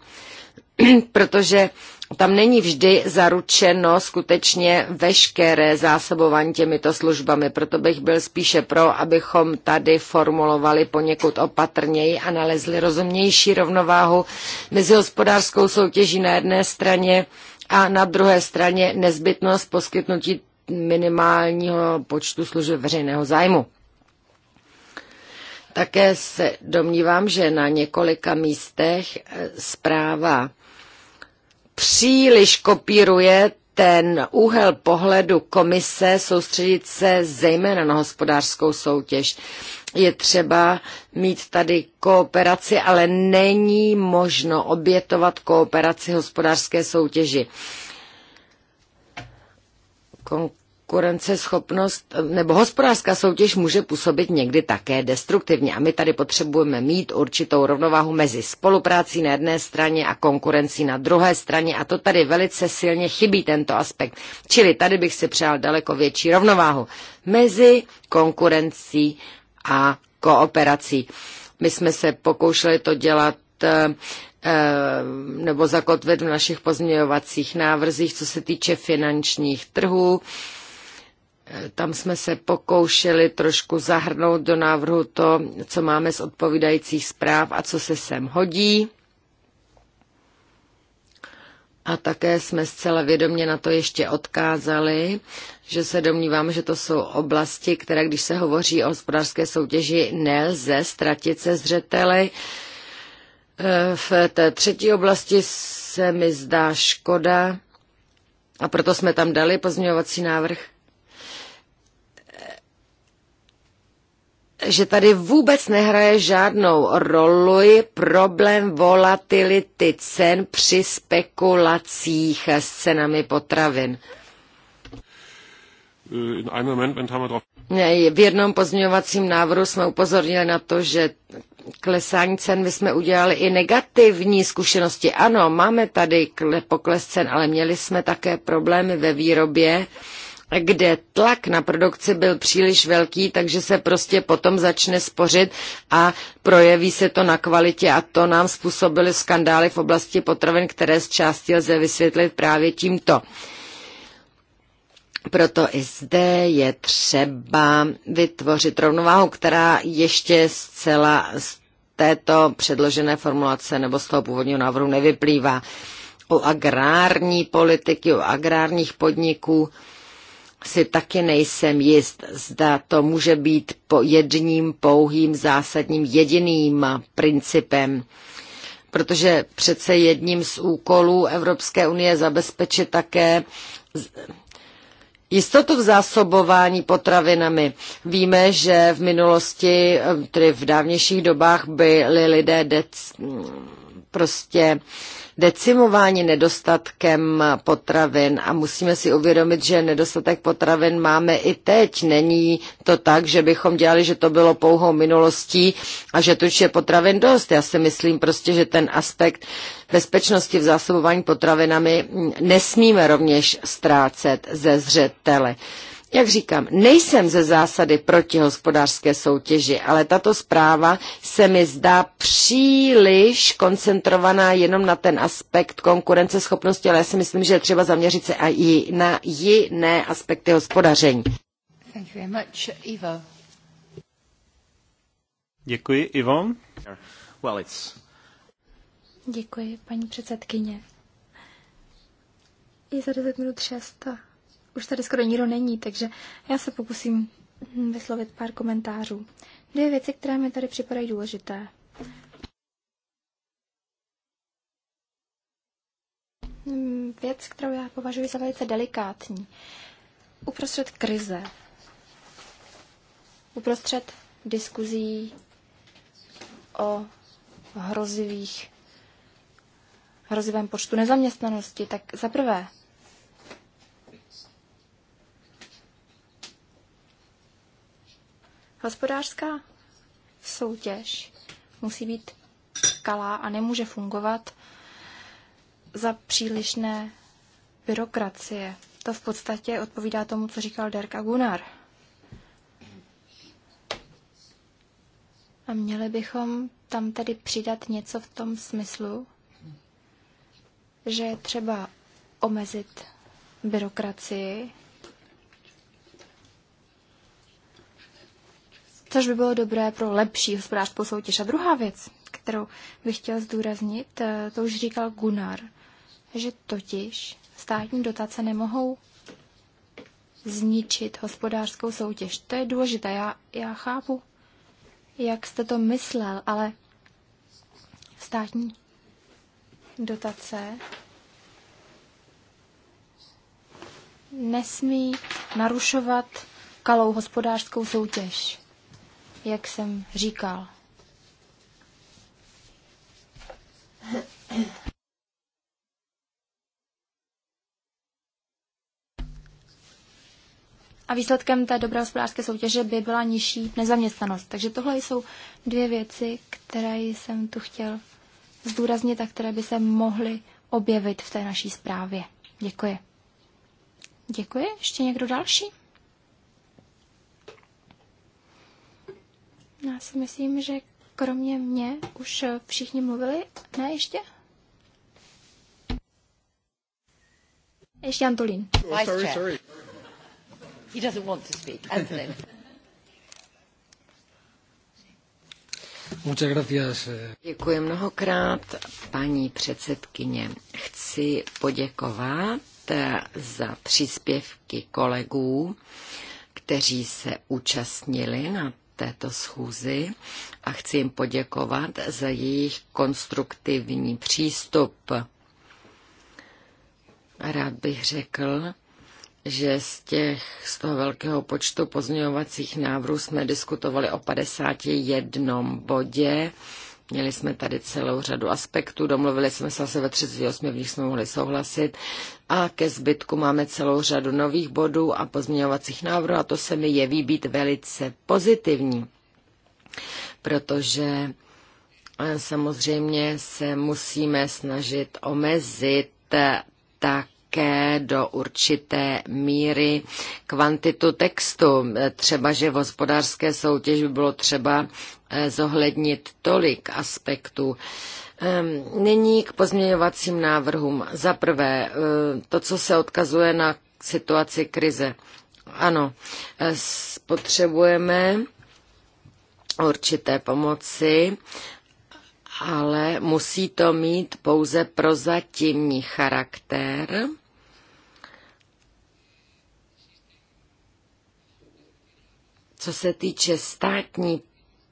<clears throat> protože tam není vždy zaručeno skutečně veškeré zásobování těmito službami. Proto bych byl spíše pro, abychom tady formulovali poněkud opatrněji a nalezli rozumnější rovnováhu mezi hospodářskou soutěží na jedné straně a na druhé straně nezbytnost poskytnutí minimálního počtu služeb veřejného zájmu. Také se domnívám, že na několika místech eh, zpráva příliš kopíruje ten úhel pohledu komise soustředit se zejména na hospodářskou soutěž. Je třeba mít tady kooperaci, ale není možno obětovat kooperaci hospodářské soutěži. Kon- konkurenceschopnost nebo hospodářská soutěž může působit někdy také destruktivně. A my tady potřebujeme mít určitou rovnováhu mezi spoluprácí na jedné straně a konkurencí na druhé straně. A to tady velice silně chybí tento aspekt. Čili tady bych si přál daleko větší rovnováhu mezi konkurencí a kooperací. My jsme se pokoušeli to dělat eh, eh, nebo zakotvit v našich pozměňovacích návrzích, co se týče finančních trhů tam jsme se pokoušeli trošku zahrnout do návrhu to, co máme z odpovídajících zpráv a co se sem hodí. A také jsme zcela vědomě na to ještě odkázali, že se domníváme, že to jsou oblasti, které, když se hovoří o hospodářské soutěži, nelze ztratit se zřeteli. E, v té třetí oblasti se mi zdá škoda, a proto jsme tam dali pozměňovací návrh, že tady vůbec nehraje žádnou roli problém volatility cen při spekulacích s cenami potravin. Äh, v jednom pozměňovacím návrhu jsme upozornili na to, že klesání cen my jsme udělali i negativní zkušenosti. Ano, máme tady pokles cen, ale měli jsme také problémy ve výrobě kde tlak na produkci byl příliš velký, takže se prostě potom začne spořit a projeví se to na kvalitě a to nám způsobily skandály v oblasti potravin, které z části lze vysvětlit právě tímto. Proto i zde je třeba vytvořit rovnováhu, která ještě zcela z této předložené formulace nebo z toho původního návrhu nevyplývá. U agrární politiky, u agrárních podniků si taky nejsem jist, zda to může být po jedním pouhým zásadním jediným principem protože přece jedním z úkolů Evropské unie zabezpečit také jistotu v zásobování potravinami. Víme, že v minulosti, tedy v dávnějších dobách, byli lidé dec, prostě decimováni nedostatkem potravin a musíme si uvědomit, že nedostatek potravin máme i teď. Není to tak, že bychom dělali, že to bylo pouhou minulostí a že tu je potravin dost. Já si myslím prostě, že ten aspekt bezpečnosti v zásobování potravinami nesmíme rovněž ztrácet ze zřetele. Jak říkám, nejsem ze zásady proti hospodářské soutěži, ale tato zpráva se mi zdá příliš koncentrovaná jenom na ten aspekt konkurenceschopnosti, ale já si myslím, že je třeba zaměřit se i na jiné aspekty hospodaření. Thank you very much, Ivo. Děkuji, Ivo. Well, it's... Děkuji, paní předsedkyně. Je za 10 minut 6 už tady skoro nikdo není, takže já se pokusím vyslovit pár komentářů. Dvě věci, které mi tady připadají důležité. Věc, kterou já považuji za velice delikátní. Uprostřed krize, uprostřed diskuzí o hrozivých hrozivém počtu nezaměstnanosti, tak za prvé Hospodářská soutěž musí být kalá a nemůže fungovat za přílišné byrokracie. To v podstatě odpovídá tomu, co říkal Derka Gunnar. A měli bychom tam tedy přidat něco v tom smyslu, že je třeba omezit byrokracii což by bylo dobré pro lepší hospodářskou soutěž. A druhá věc, kterou bych chtěl zdůraznit, eh, to už říkal Gunnar, že totiž státní dotace nemohou zničit hospodářskou soutěž. To je důležité, já, já chápu, jak jste to myslel, ale státní dotace nesmí narušovat kalou hospodářskou soutěž jak jsem říkal. A výsledkem té dobré hospodářské soutěže by byla nižší nezaměstnanost. Takže tohle jsou dvě věci, které jsem tu chtěl zdůraznit a které by se mohly objevit v té naší zprávě. Děkuji. Děkuji. Ještě někdo další? Já si myslím, že kromě mě už všichni mluvili. Ne, ještě? Ještě Antolín. Oh, sorry, sorry. He doesn't want to speak. Antolín. Eh. Děkuji mnohokrát, paní předsedkyně. Chci poděkovat eh, za příspěvky kolegů, kteří se účastnili na této schůzi a chci jim poděkovat za jejich konstruktivní přístup. Rád bych řekl, že z, těch, z toho velkého počtu pozměňovacích návrhů jsme diskutovali o 51 bodě Měli jsme tady celou řadu aspektů, domluvili jsme se asi ve 38, v nich jsme mohli souhlasit a ke zbytku máme celou řadu nových bodů a pozměňovacích návrhů a to se mi jeví být velice pozitivní, protože eh, samozřejmě se musíme snažit omezit eh, tak také do určité míry kvantitu textu. Třeba, že v hospodářské soutěž by bylo třeba eh, zohlednit tolik aspektů. Ehm, nyní k pozměňovacím návrhům. Za prvé, eh, to, co se odkazuje na situaci krize. Ano, eh, potřebujeme určité pomoci ale musí to mít pouze prozatímní charakter. Co se týče státní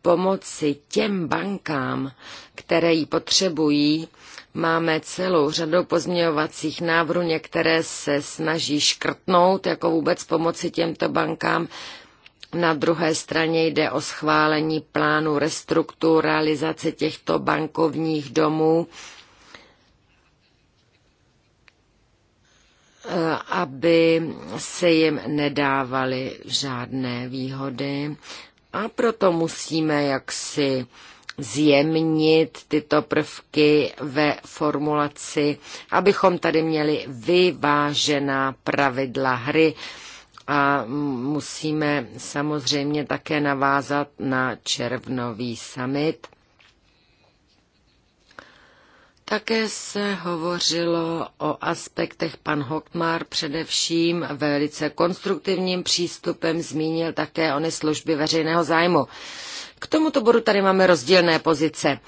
pomoci těm bankám, které ji potřebují, máme celou řadu pozměňovacích návrhů, některé se snaží škrtnout, jako vůbec pomoci těmto bankám. Na druhé straně jde o schválení plánu restrukturalizace těchto bankovních domů, eh, aby se jim nedávaly žádné výhody. A proto musíme jaksi zjemnit tyto prvky ve formulaci, abychom tady měli vyvážená pravidla hry a musíme samozřejmě také navázat na červnový summit. Také se hovořilo o aspektech. Pan Hockmar především velice konstruktivním přístupem zmínil také ony služby veřejného zájmu. K tomuto bodu tady máme rozdílné pozice.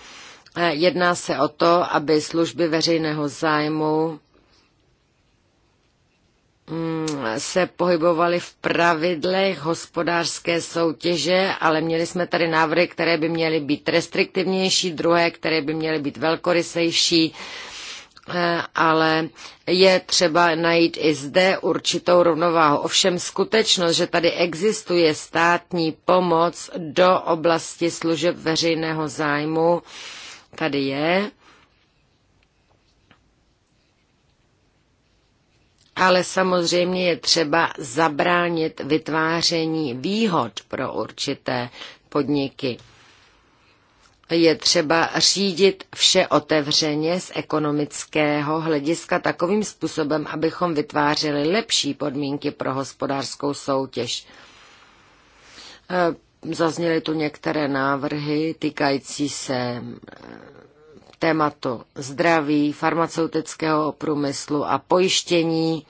Jedná se o to, aby služby veřejného zájmu se pohybovali v pravidlech hospodářské soutěže, ale měli jsme tady návrhy, které by měly být restriktivnější, druhé, které by měly být velkorysejší, eh, ale je třeba najít i zde určitou rovnováhu. Ovšem skutečnost, že tady existuje státní pomoc do oblasti služeb veřejného zájmu, tady je ale samozřejmě je třeba zabránit vytváření výhod pro určité podniky. Je třeba řídit vše otevřeně z ekonomického hlediska takovým způsobem, abychom vytvářeli lepší podmínky pro hospodářskou soutěž. E, zazněly tu některé návrhy týkající se tématu zdraví, farmaceutického průmyslu a pojištění,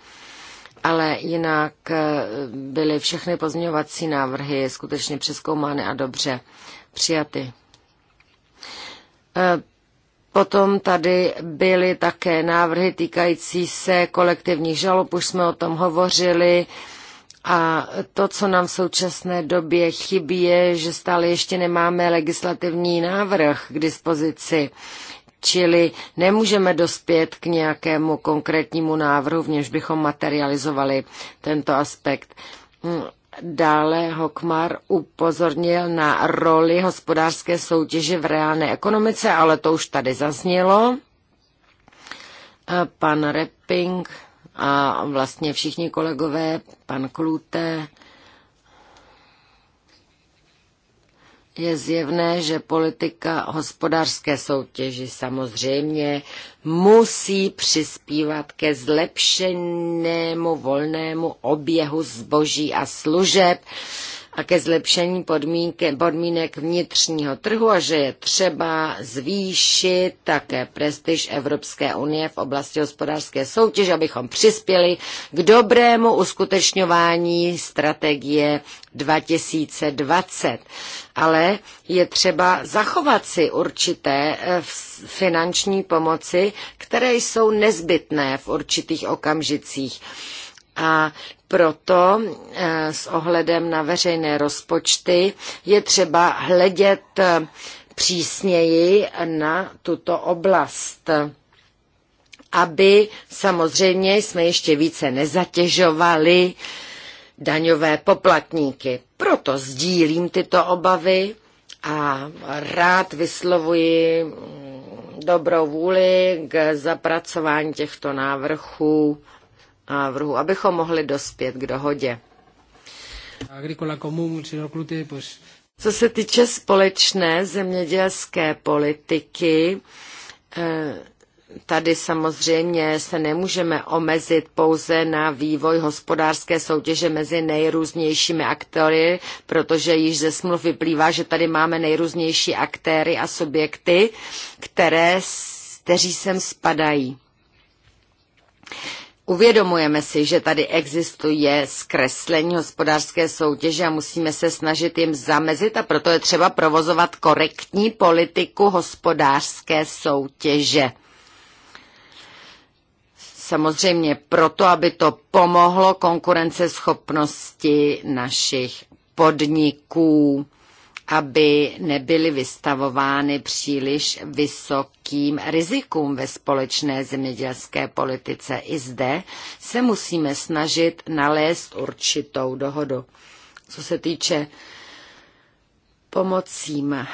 ale jinak eh, byly všechny pozměňovací návrhy skutečně přeskoumány a dobře přijaty. Eh, potom tady byly také návrhy týkající se kolektivních žalob, už jsme o tom hovořili. A to, co nám v současné době chybí, je, že stále ještě nemáme legislativní návrh k dispozici. Čili nemůžeme dospět k nějakému konkrétnímu návrhu, v němž bychom materializovali tento aspekt. Hm, dále Hokmar upozornil na roli hospodářské soutěže v reálné ekonomice, ale to už tady zaznělo. Pan Repping a vlastně všichni kolegové, pan Klute, je zjevné, že politika hospodářské soutěži samozřejmě musí přispívat ke zlepšenému volnému oběhu zboží a služeb a ke zlepšení podmínek vnitřního trhu a že je třeba zvýšit také prestiž Evropské unie v oblasti hospodářské soutěže, abychom přispěli k dobrému uskutečňování strategie 2020. Ale je třeba zachovat si určité eh, finanční pomoci, které jsou nezbytné v určitých okamžicích a proto eh, s ohledem na veřejné rozpočty je třeba hledět eh, přísněji na tuto oblast aby samozřejmě jsme ještě více nezatěžovali daňové poplatníky. Proto sdílím tyto obavy a rád vyslovuji mm, dobrou vůli k zapracování těchto návrhů návrhu, abychom mohli dospět k dohodě. Co se týče společné zemědělské politiky, eh, tady samozřejmě se nemůžeme omezit pouze na vývoj hospodářské soutěže mezi nejrůznějšími aktory, protože již ze smluv vyplývá, že tady máme nejrůznější aktéry a subjekty, které, kteří sem spadají. Uvědomujeme si, že tady existuje zkreslení hospodářské soutěže a musíme se snažit jim zamezit a proto je třeba provozovat korektní politiku hospodářské soutěže. Samozřejmě proto, aby to pomohlo konkurenceschopnosti našich podniků aby nebyly vystavovány příliš vysokým rizikům ve společné zemědělské politice. I zde se musíme snažit nalézt určitou dohodu. Co se týče pomocím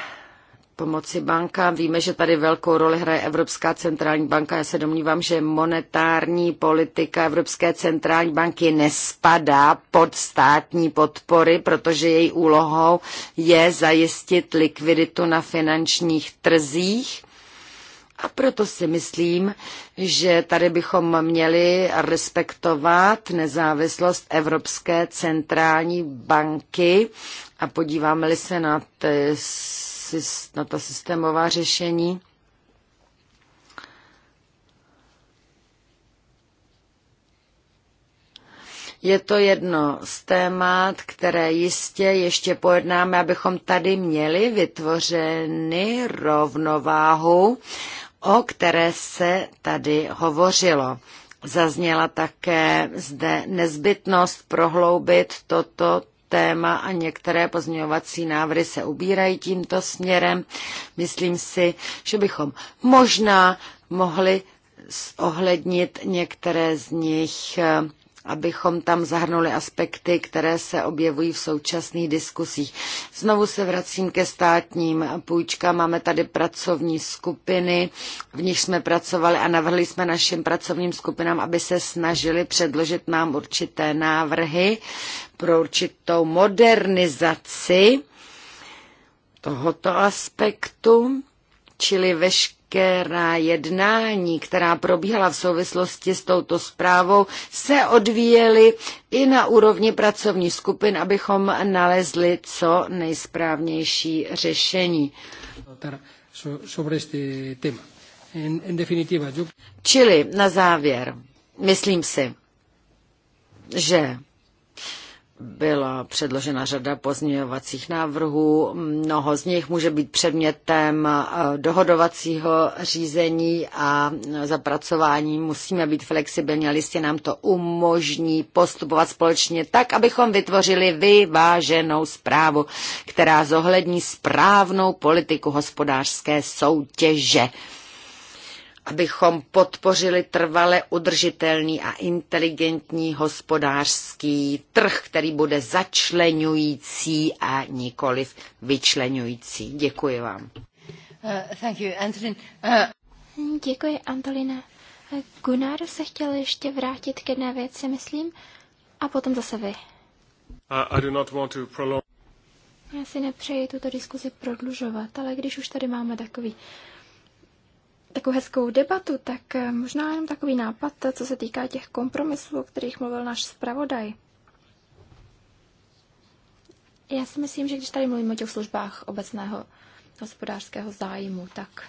pomoci bankám. Víme, že tady velkou roli hraje Evropská centrální banka. Já se domnívám, že monetární politika Evropské centrální banky nespadá pod státní podpory, protože její úlohou je zajistit likviditu na finančních trzích. A proto si myslím, že tady bychom měli respektovat nezávislost Evropské centrální banky a podíváme-li se na na ta systémová řešení. Je to jedno z témat, které jistě ještě pojednáme, abychom tady měli vytvořeny rovnováhu, o které se tady hovořilo. Zazněla také zde nezbytnost prohloubit toto téma a některé pozměňovací návrhy se ubírají tímto směrem. Myslím si, že bychom možná mohli zohlednit některé z nich abychom tam zahrnuli aspekty, které se objevují v současných diskusích. Znovu se vracím ke státním půjčkám. Máme tady pracovní skupiny, v nich jsme pracovali a navrhli jsme našim pracovním skupinám, aby se snažili předložit nám určité návrhy pro určitou modernizaci tohoto aspektu, čili veškeré veškerá jednání, která probíhala v souvislosti s touto zprávou, se odvíjely i na úrovni pracovních skupin, abychom nalezli co nejsprávnější řešení. Čili na závěr, myslím si, že byla předložena řada pozměňovacích návrhů. Mnoho z nich může být předmětem eh, dohodovacího řízení a zapracování. Musíme být flexibilní a listě nám to umožní postupovat společně tak, abychom vytvořili vyváženou zprávu, která zohlední správnou politiku hospodářské soutěže abychom podpořili trvale udržitelný a inteligentní hospodářský trh, který bude začlenující a nikoliv vyčlenující. Děkuji vám. Uh, thank you, Uh... Děkuji, Antolina. Uh, Gunnar se chtěl ještě vrátit k jedné věci, myslím, a potom zase vy. Uh, I do not want to prolong... Já si nepřeji tuto diskuzi prodlužovat, ale když už tady máme takový uh, takovou hezkou debatu, tak eh, možná jenom takový nápad, eh, co se týká těch kompromisů, o kterých mluvil náš zpravodaj. Já si myslím, že když tady mluvíme o těch službách obecného hospodářského zájmu, tak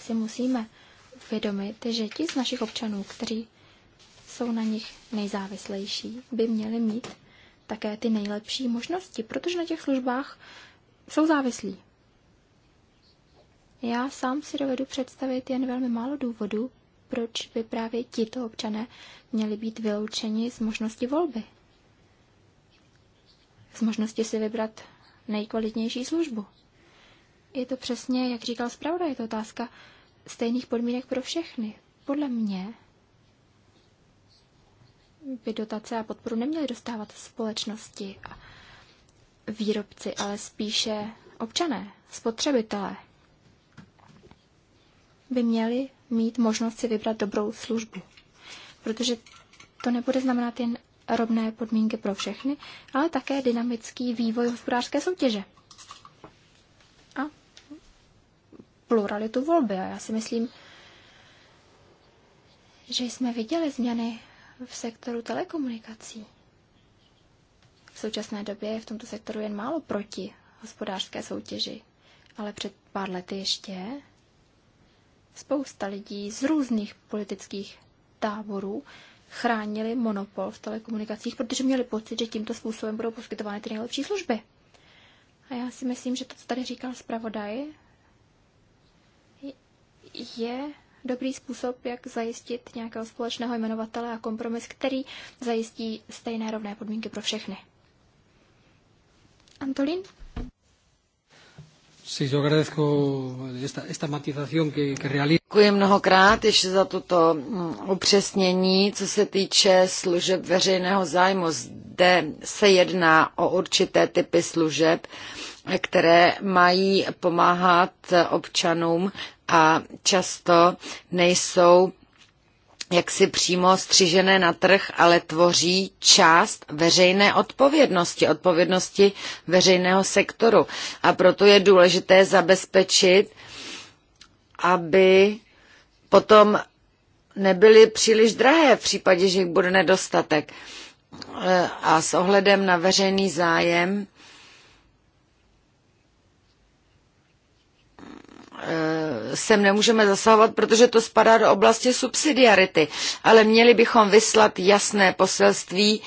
si musíme uvědomit, že ti z našich občanů, kteří jsou na nich nejzávislejší, by měli mít také ty nejlepší možnosti, protože na těch službách jsou závislí. Já sám si dovedu představit jen velmi málo důvodů, proč by právě tito občané měli být vyloučeni z možnosti volby. Z možnosti si vybrat nejkvalitnější službu. Je to přesně, jak říkal zpravodaj, je to otázka stejných podmínek pro všechny. Podle mě by dotace a podporu neměly dostávat společnosti a výrobci, ale spíše občané, spotřebitelé by měli mít možnost si vybrat dobrou službu. Protože to nebude znamenat jen rovné podmínky pro všechny, ale také dynamický vývoj hospodářské soutěže. A pluralitu volby. A já si myslím, že jsme viděli změny v sektoru telekomunikací. V současné době je v tomto sektoru jen málo proti hospodářské soutěži, ale před pár lety ještě spousta lidí z různých politických táborů chránili monopol v telekomunikacích, protože měli pocit, že tímto způsobem budou poskytovány ty nejlepší služby. A já si myslím, že to, co tady říkal zpravodaj, je dobrý způsob, jak zajistit nějakého společného jmenovatele a kompromis, který zajistí stejné rovné podmínky pro všechny. Antolín? Sí, yo agradezco esta, esta matización que, que realiza. Děkuji mnohokrát ještě za toto mm, upřesnění, co se týče služeb veřejného zájmu. Zde se jedná o určité typy služeb, které mají pomáhat občanům a často nejsou jaksi přímo střižené na trh, ale tvoří část veřejné odpovědnosti, odpovědnosti veřejného sektoru. A proto je důležité zabezpečit, aby potom nebyly příliš drahé v případě, že jich bude nedostatek. E, a s ohledem na veřejný zájem Eh, sem nemůžeme zasahovat, protože to spadá do oblasti subsidiarity, ale měli bychom vyslat jasné poselství,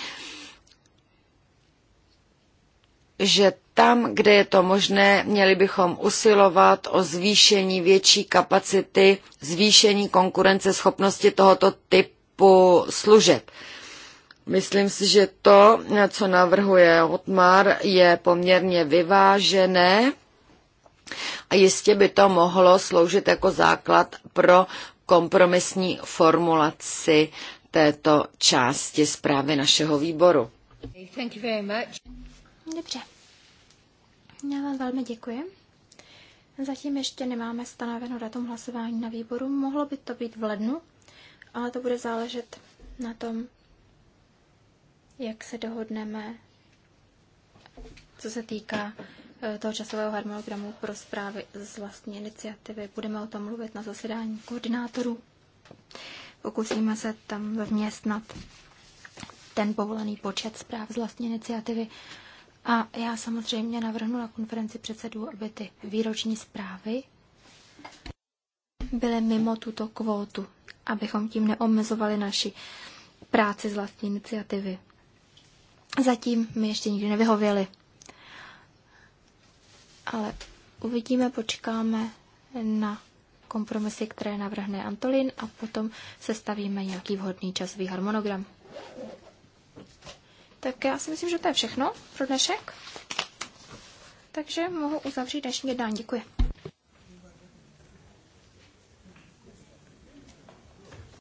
že tam, kde je to možné, měli bychom usilovat o zvýšení větší kapacity, zvýšení konkurenceschopnosti tohoto typu služeb. Myslím si, že to, co navrhuje Otmar, je poměrně vyvážené a jistě by to mohlo sloužit jako základ pro kompromisní formulaci této části zprávy našeho výboru. Thank you very much. Dobře. Já vám velmi děkuji. Zatím ještě nemáme stanoveno datum hlasování na výboru. Mohlo by to být v lednu, ale to bude záležet na tom, jak se dohodneme, co se týká Eh, toho časového harmonogramu pro zprávy z vlastní iniciativy. Budeme o tom mluvit na zasedání koordinátorů. Pokusíme se tam vměstnat ten povolený počet zpráv z vlastní iniciativy. A já samozřejmě navrhnu na konferenci předsedů, aby ty výroční zprávy byly mimo tuto kvótu, abychom tím neomezovali naši práci z vlastní iniciativy. Zatím mi ještě nikdy nevyhověli. Ale uvidíme, počkáme na kompromisy, které navrhne Antolin a potom sestavíme nějaký vhodný časový harmonogram. Tak já si myslím, že to je všechno pro dnešek. Takže mohu uzavřít dnešní jednání. Děkuji.